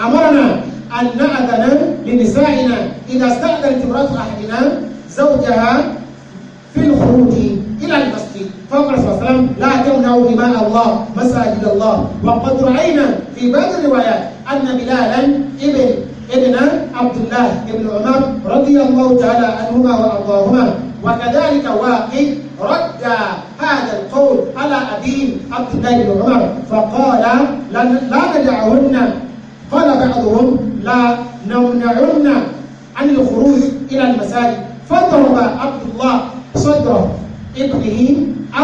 امرنا ان ناذن لنسائنا اذا استاذنت امراه احدنا زوجها في الخروج الى المسجد فقال صلى الله عليه وسلم لا تمنعوا دماء الله مساجد الله وقد راينا في بعض الروايات ان بلالا ابن ابن عبد الله بن عمر رضي الله تعالى عنهما وارضاهما وكذلك واقد رد هذا القول على ابي عبد الله بن عمر فقال لا ندعهن قال بعضهم لا نمنعن عن الخروج الى المساجد فضرب عبد الله صدره ابنه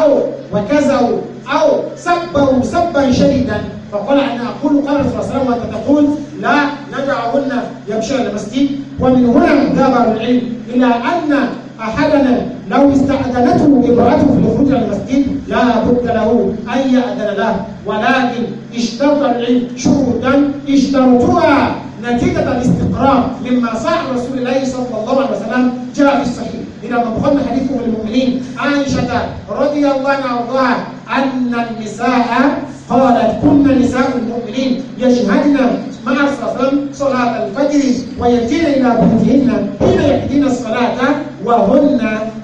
أو وكزوا أو سبوا سبا شديدا فقال أنا أقول قال الرسول صلى الله عليه وسلم تقول لا ندعهن يمشي على المسجد ومن هنا ذهب العلم إلى أن أحدنا لو استأذنته امرأته في الخروج على المسجد لا بد له أن يأذن له ولكن اشترط العلم شروطا اشترطها نتيجة الاستقرار مما صح رسول الله صلى الله عليه وسلم جاء في الصحيح إلى مفهوم حديث أم المؤمنين عائشة رضي الله عنها وأرضاها أن النساء قالت كن نساء المؤمنين يشهدن مع الصفر صلاة الفجر ويأتين إلى بيوتهن حين يقضين الصلاة وهن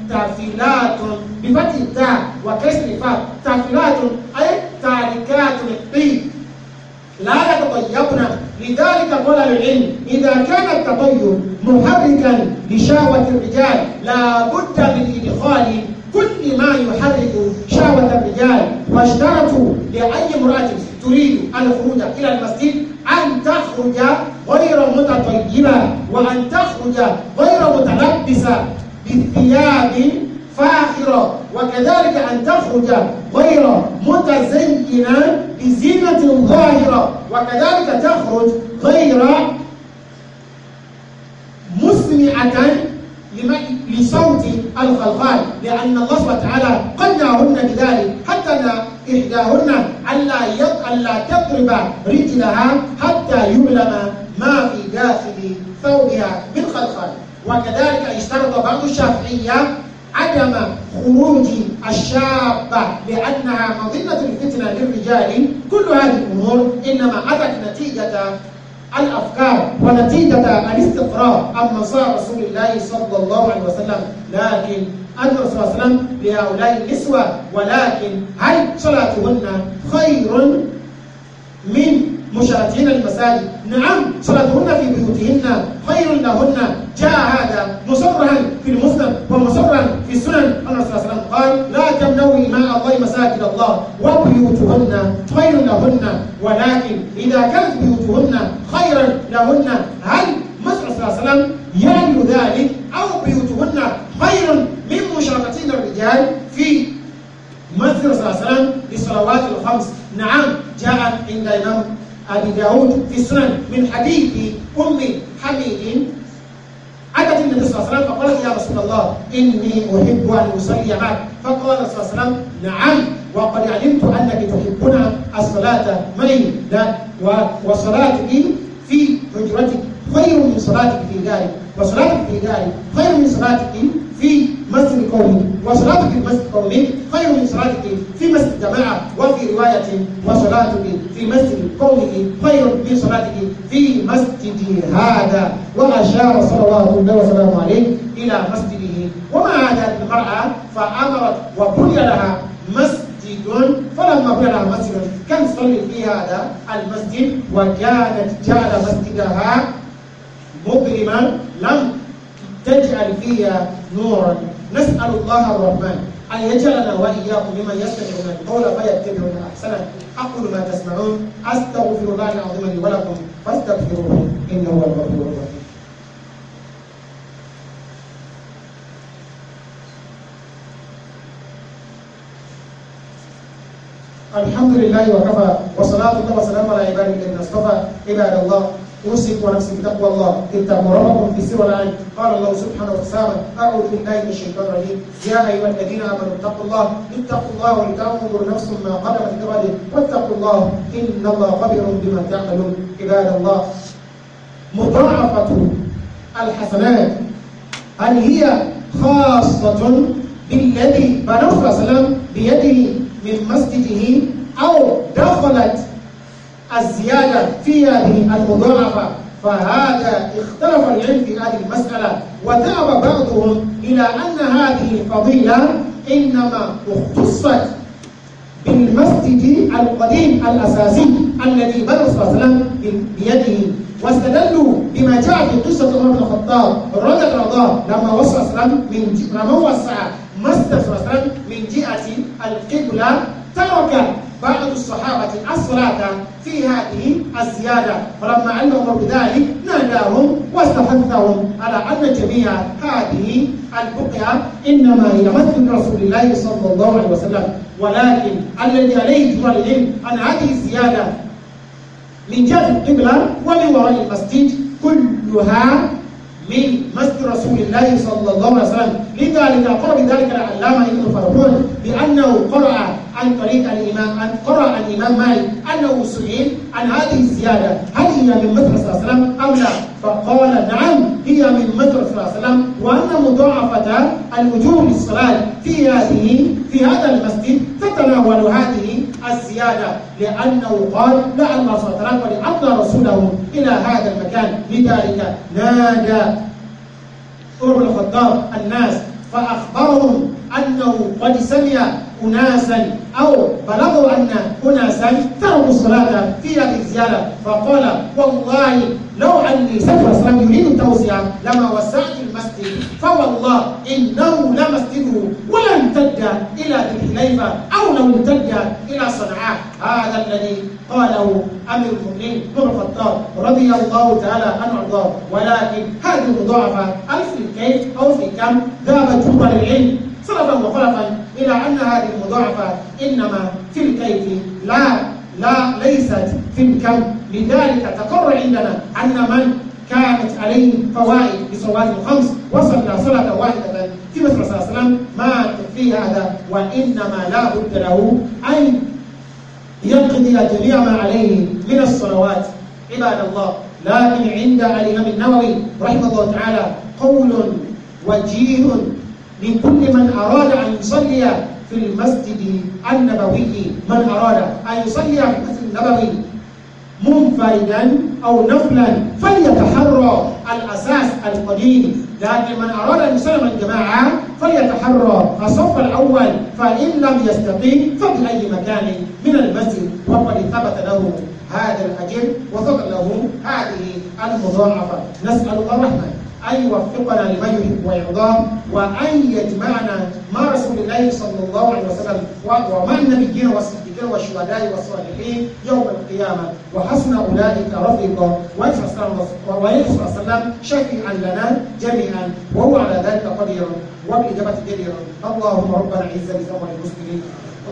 تافلات بفتح التاء وكسر الفاء تافلات أي تاركات للطيب لا يتطيبن لذلك طلب العلم إذا كان التطيب محركا لشهوة الرجال لا بد من إدخال كل ما يحرك شهوة الرجال واشترطوا لأي امرأة تريد الخروج إلى المسجد أن تخرج غير متطيبة وأن تخرج غير متلبسة بثياب فاخرة وكذلك أن تخرج غير متزينة بزينة ظاهرة وكذلك تخرج غير مسمعة لصوت الخلقان لأن الله سبحانه وتعالى قناهن بذلك حتى إحداهن ألا ألا تضرب رجلها حتى يعلم ما في داخل ثوبها بالخلقان وكذلك اشترط بعض الشافعية عدم خروج الشابة لأنها مظنة الفتنة للرجال كل هذه الأمور إنما أتت نتيجة الأفكار ونتيجة الاستقراء عن مسار رسول الله صلى الله عليه وسلم لكن أن الرسول صلى الله عليه وسلم لهؤلاء النسوة ولكن هل صلاتهن خير من مشاتين المساجد نعم صلاتهن في بيوتهن خير لهن جاء هذا مصرها في المسلم ومصرا في السنن أن الرسول صلى الله عليه وسلم قال لا تمنعوا ما الله مساجد الله وبيوتهن خير لهن ولكن إذا كانت بيوتهن خيرا لهن هل مصر صلى الله عليه وسلم يعني ذلك أو بيوتهن خير من مشاركتهن الرجال في مسجد صلى الله عليه وسلم للصلوات الخمس نعم جاء عند الامام أبي داود في السنن من حديث أم حميد أتت النبي صلى الله عليه وسلم فقالت يا رسول الله إني أحب أن أصلي معك فقال صلى الله عليه وسلم نعم وقد علمت أنك تحبنا الصلاة معي وصلاتك في حجرتك خير من صلاتك في دارك وصلاتك في دارك خير من صلاتك في مسجد قومي وصلاتك في مسجد قومي خير من صلاتك في مسجد جماعة وفي رواية وصلاتك في مسجد قومك خير من صلاتك في مسجد هذا وأشار صلوات الله وسلامه عليه إلى مسجده ومع ذلك المرأة فأمرت وبني لها مسجد فلما بني لها مسجد كان تصلي في هذا المسجد وكانت جعل مسجدها مظلما لم تجعل فيها نورا نسأل الله الرحمن أن يجعلنا وإياكم ممن يستمعون القول فيتبعون أحسنه أقول ما تسمعون أستغفر الله العظيم لي ولكم فاستغفروه إنه هو الغفور الرحيم الحمد لله وكفى وصلاة الله وسلام على عباد الذين اصطفى عباد الله أوصيكم ونفسك بتقوى الله اتقوا ربكم في سوى العين قال الله سبحانه وتعالى أعوذ بالله من الشيطان الرجيم يا أيها الذين آمنوا اتقوا الله اتقوا الله ولتنظر نفس ما قدمت لغد واتقوا الله إن الله خبير بما تعملون عباد الله مضاعفة الحسنات هل هي خاصة بالذي بنوه صلى الله عليه وسلم بيده من مسجده أو دخلت الزيادة في هذه المضاعفة فهذا اختلف العلم في هذه المسألة وذهب بعضهم إلى أن هذه الفضيلة إنما اختصت بالمسجد القديم الأساسي الذي بنى صلى الله عليه وسلم بيده واستدلوا بما جاء في قصة عمر بن الخطاب رضي الله لما وصل صلى الله عليه وسلم من لما وسع مسجد صلى الله عليه وسلم من جهة القبلة ترك بعض الصحابة الصلاة في هذه الزيادة فلما علموا بذلك ناداهم واستحثهم على أن جميع هذه البقعة إنما هي مثل رسول الله صلى الله عليه وسلم ولكن الذي عليه جمال أن هذه الزيادة من جهة القبلة ومن وراء المسجد كلها من مسجد رسول الله صلى الله عليه وسلم لذلك قرأ بذلك العلامة ابن فرحون بأنه قرأ عن طريق الإمام عن قرى الإمام مالك أنه سئل عن هذه الزيادة هل هي من مصر صلى الله عليه وسلم أم لا؟ فقال نعم هي من مصر صلى الله عليه وسلم وأن مضاعفة الوجوه للصلاة في هذه في هذا المسجد تتناول هذه الزيادة لأنه قال لعل الله سبحانه وتعالى ولعل رسوله إلى هذا المكان لذلك نادى عمر الخطاب الناس فأخبرهم أنه قد سمع أناسا أو بلغوا أن أناسا تركوا الصلاة في هذه الزيارة فقال والله لو أني سيف الإسلام يريد التوسعة لما وسعت المسجد فوالله إنه لمسجده ولا امتد إلى ذي حليفة أو لو امتد إلى صنعاء هذا الذي قاله أمير المؤمنين بن الخطاب رضي الله تعالى عنه وأرضاه ولكن هذه المضاعفه هل في كيف أو في كم ذهبت جمهور العلم سلفا وخلفا إلى أن هذه المضاعفة إنما في الكيف لا لا ليست في الكم لذلك تقر عندنا أن من كانت عليه فوائد بصلوات الخمس وصلى صلاة واحدة في مثل صلى الله عليه وسلم ما في هذا وإنما لا بد له أن يقضي جميع ما عليه من الصلوات عباد الله لكن عند الإمام النووي رحمه الله تعالى قول وجيه لكل من أراد أن يصلي في المسجد النبوي من أراد أن يصلي في المسجد النبوي منفردا أو نفلا فليتحرى الأساس القديم لكن من أراد أن يصلي الجماعة فليتحرى الصف الأول فإن لم يستطيع فبأي مكان من المسجد وقد ثبت له هذا الأجل وثبت له هذه المضاعفة نسأل الله الرحمن أن يوفقنا لما يحب ويرضاه وأن يجمعنا مع رسول الله صلى الله عليه وسلم ومع النبيين والصديقين والشهداء والصالحين يوم القيامة وحسن أولئك رفيقا ويحسن وسلم شفيعا لنا جميعا وهو على ذلك قدير وبإجابة جدير اللهم ربنا عز بثمر المسلمين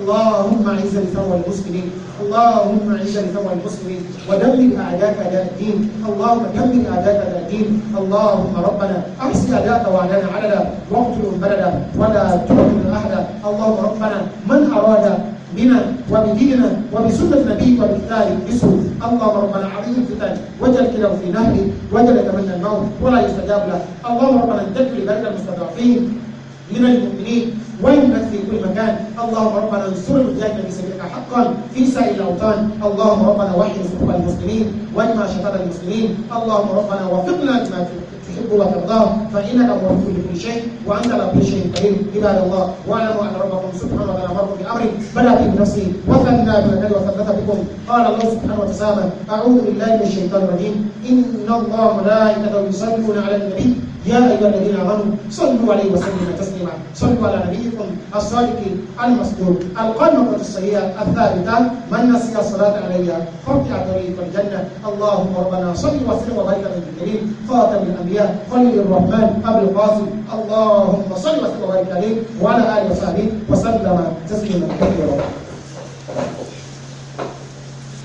اللهم اعز لثوى المسلمين اللهم اعز لثوى المسلمين ودمر اعداءك اعداء الدين اللهم دمر اعداءك اعداء الدين اللهم ربنا احسن اعداءك واعدانا عددا واقتلهم بلدا ولا تقتل احدا اللهم ربنا من اراد بنا وبديننا وبسنة نبيك وبالتالي بسوء اللهم ربنا عظيم الفتن وجل كلا في نهره وجل يتمنى الموت ولا يستجاب له اللهم ربنا انتقل لبلد المستضعفين من المؤمنين وين ما في كل مكان اللهم ربنا انصر المجاهدين في سبيلك حقا في سائر الاوطان اللهم ربنا وحي صفوف المسلمين واجمع شتات المسلمين اللهم ربنا وفقنا لما تحب وترضاه فانك موفق لكل شيء وانت على كل شيء قدير عباد الله واعلموا ان ربكم سبحانه وتعالى امركم بامر بدا في نفسي وثنى بالعدل وثبت بكم قال الله سبحانه وتعالى اعوذ بالله من الشيطان الرجيم ان الله وملائكته يصلون على النبي يا أيها الذين آمنوا صلوا عليه وسلموا تسليما صلوا على نبيكم الصادق المصدوق القنوة الصحيح الثابتة من نسي الصلاة علي خطئ طريق الجنة اللهم ربنا صل وسلم وبارك على الكريم خاتم الأنبياء خليل الرحمن أبي القاسم اللهم صل وسلم وبارك عليه وعلى آله وصحبه وسلم تسليما كثيرا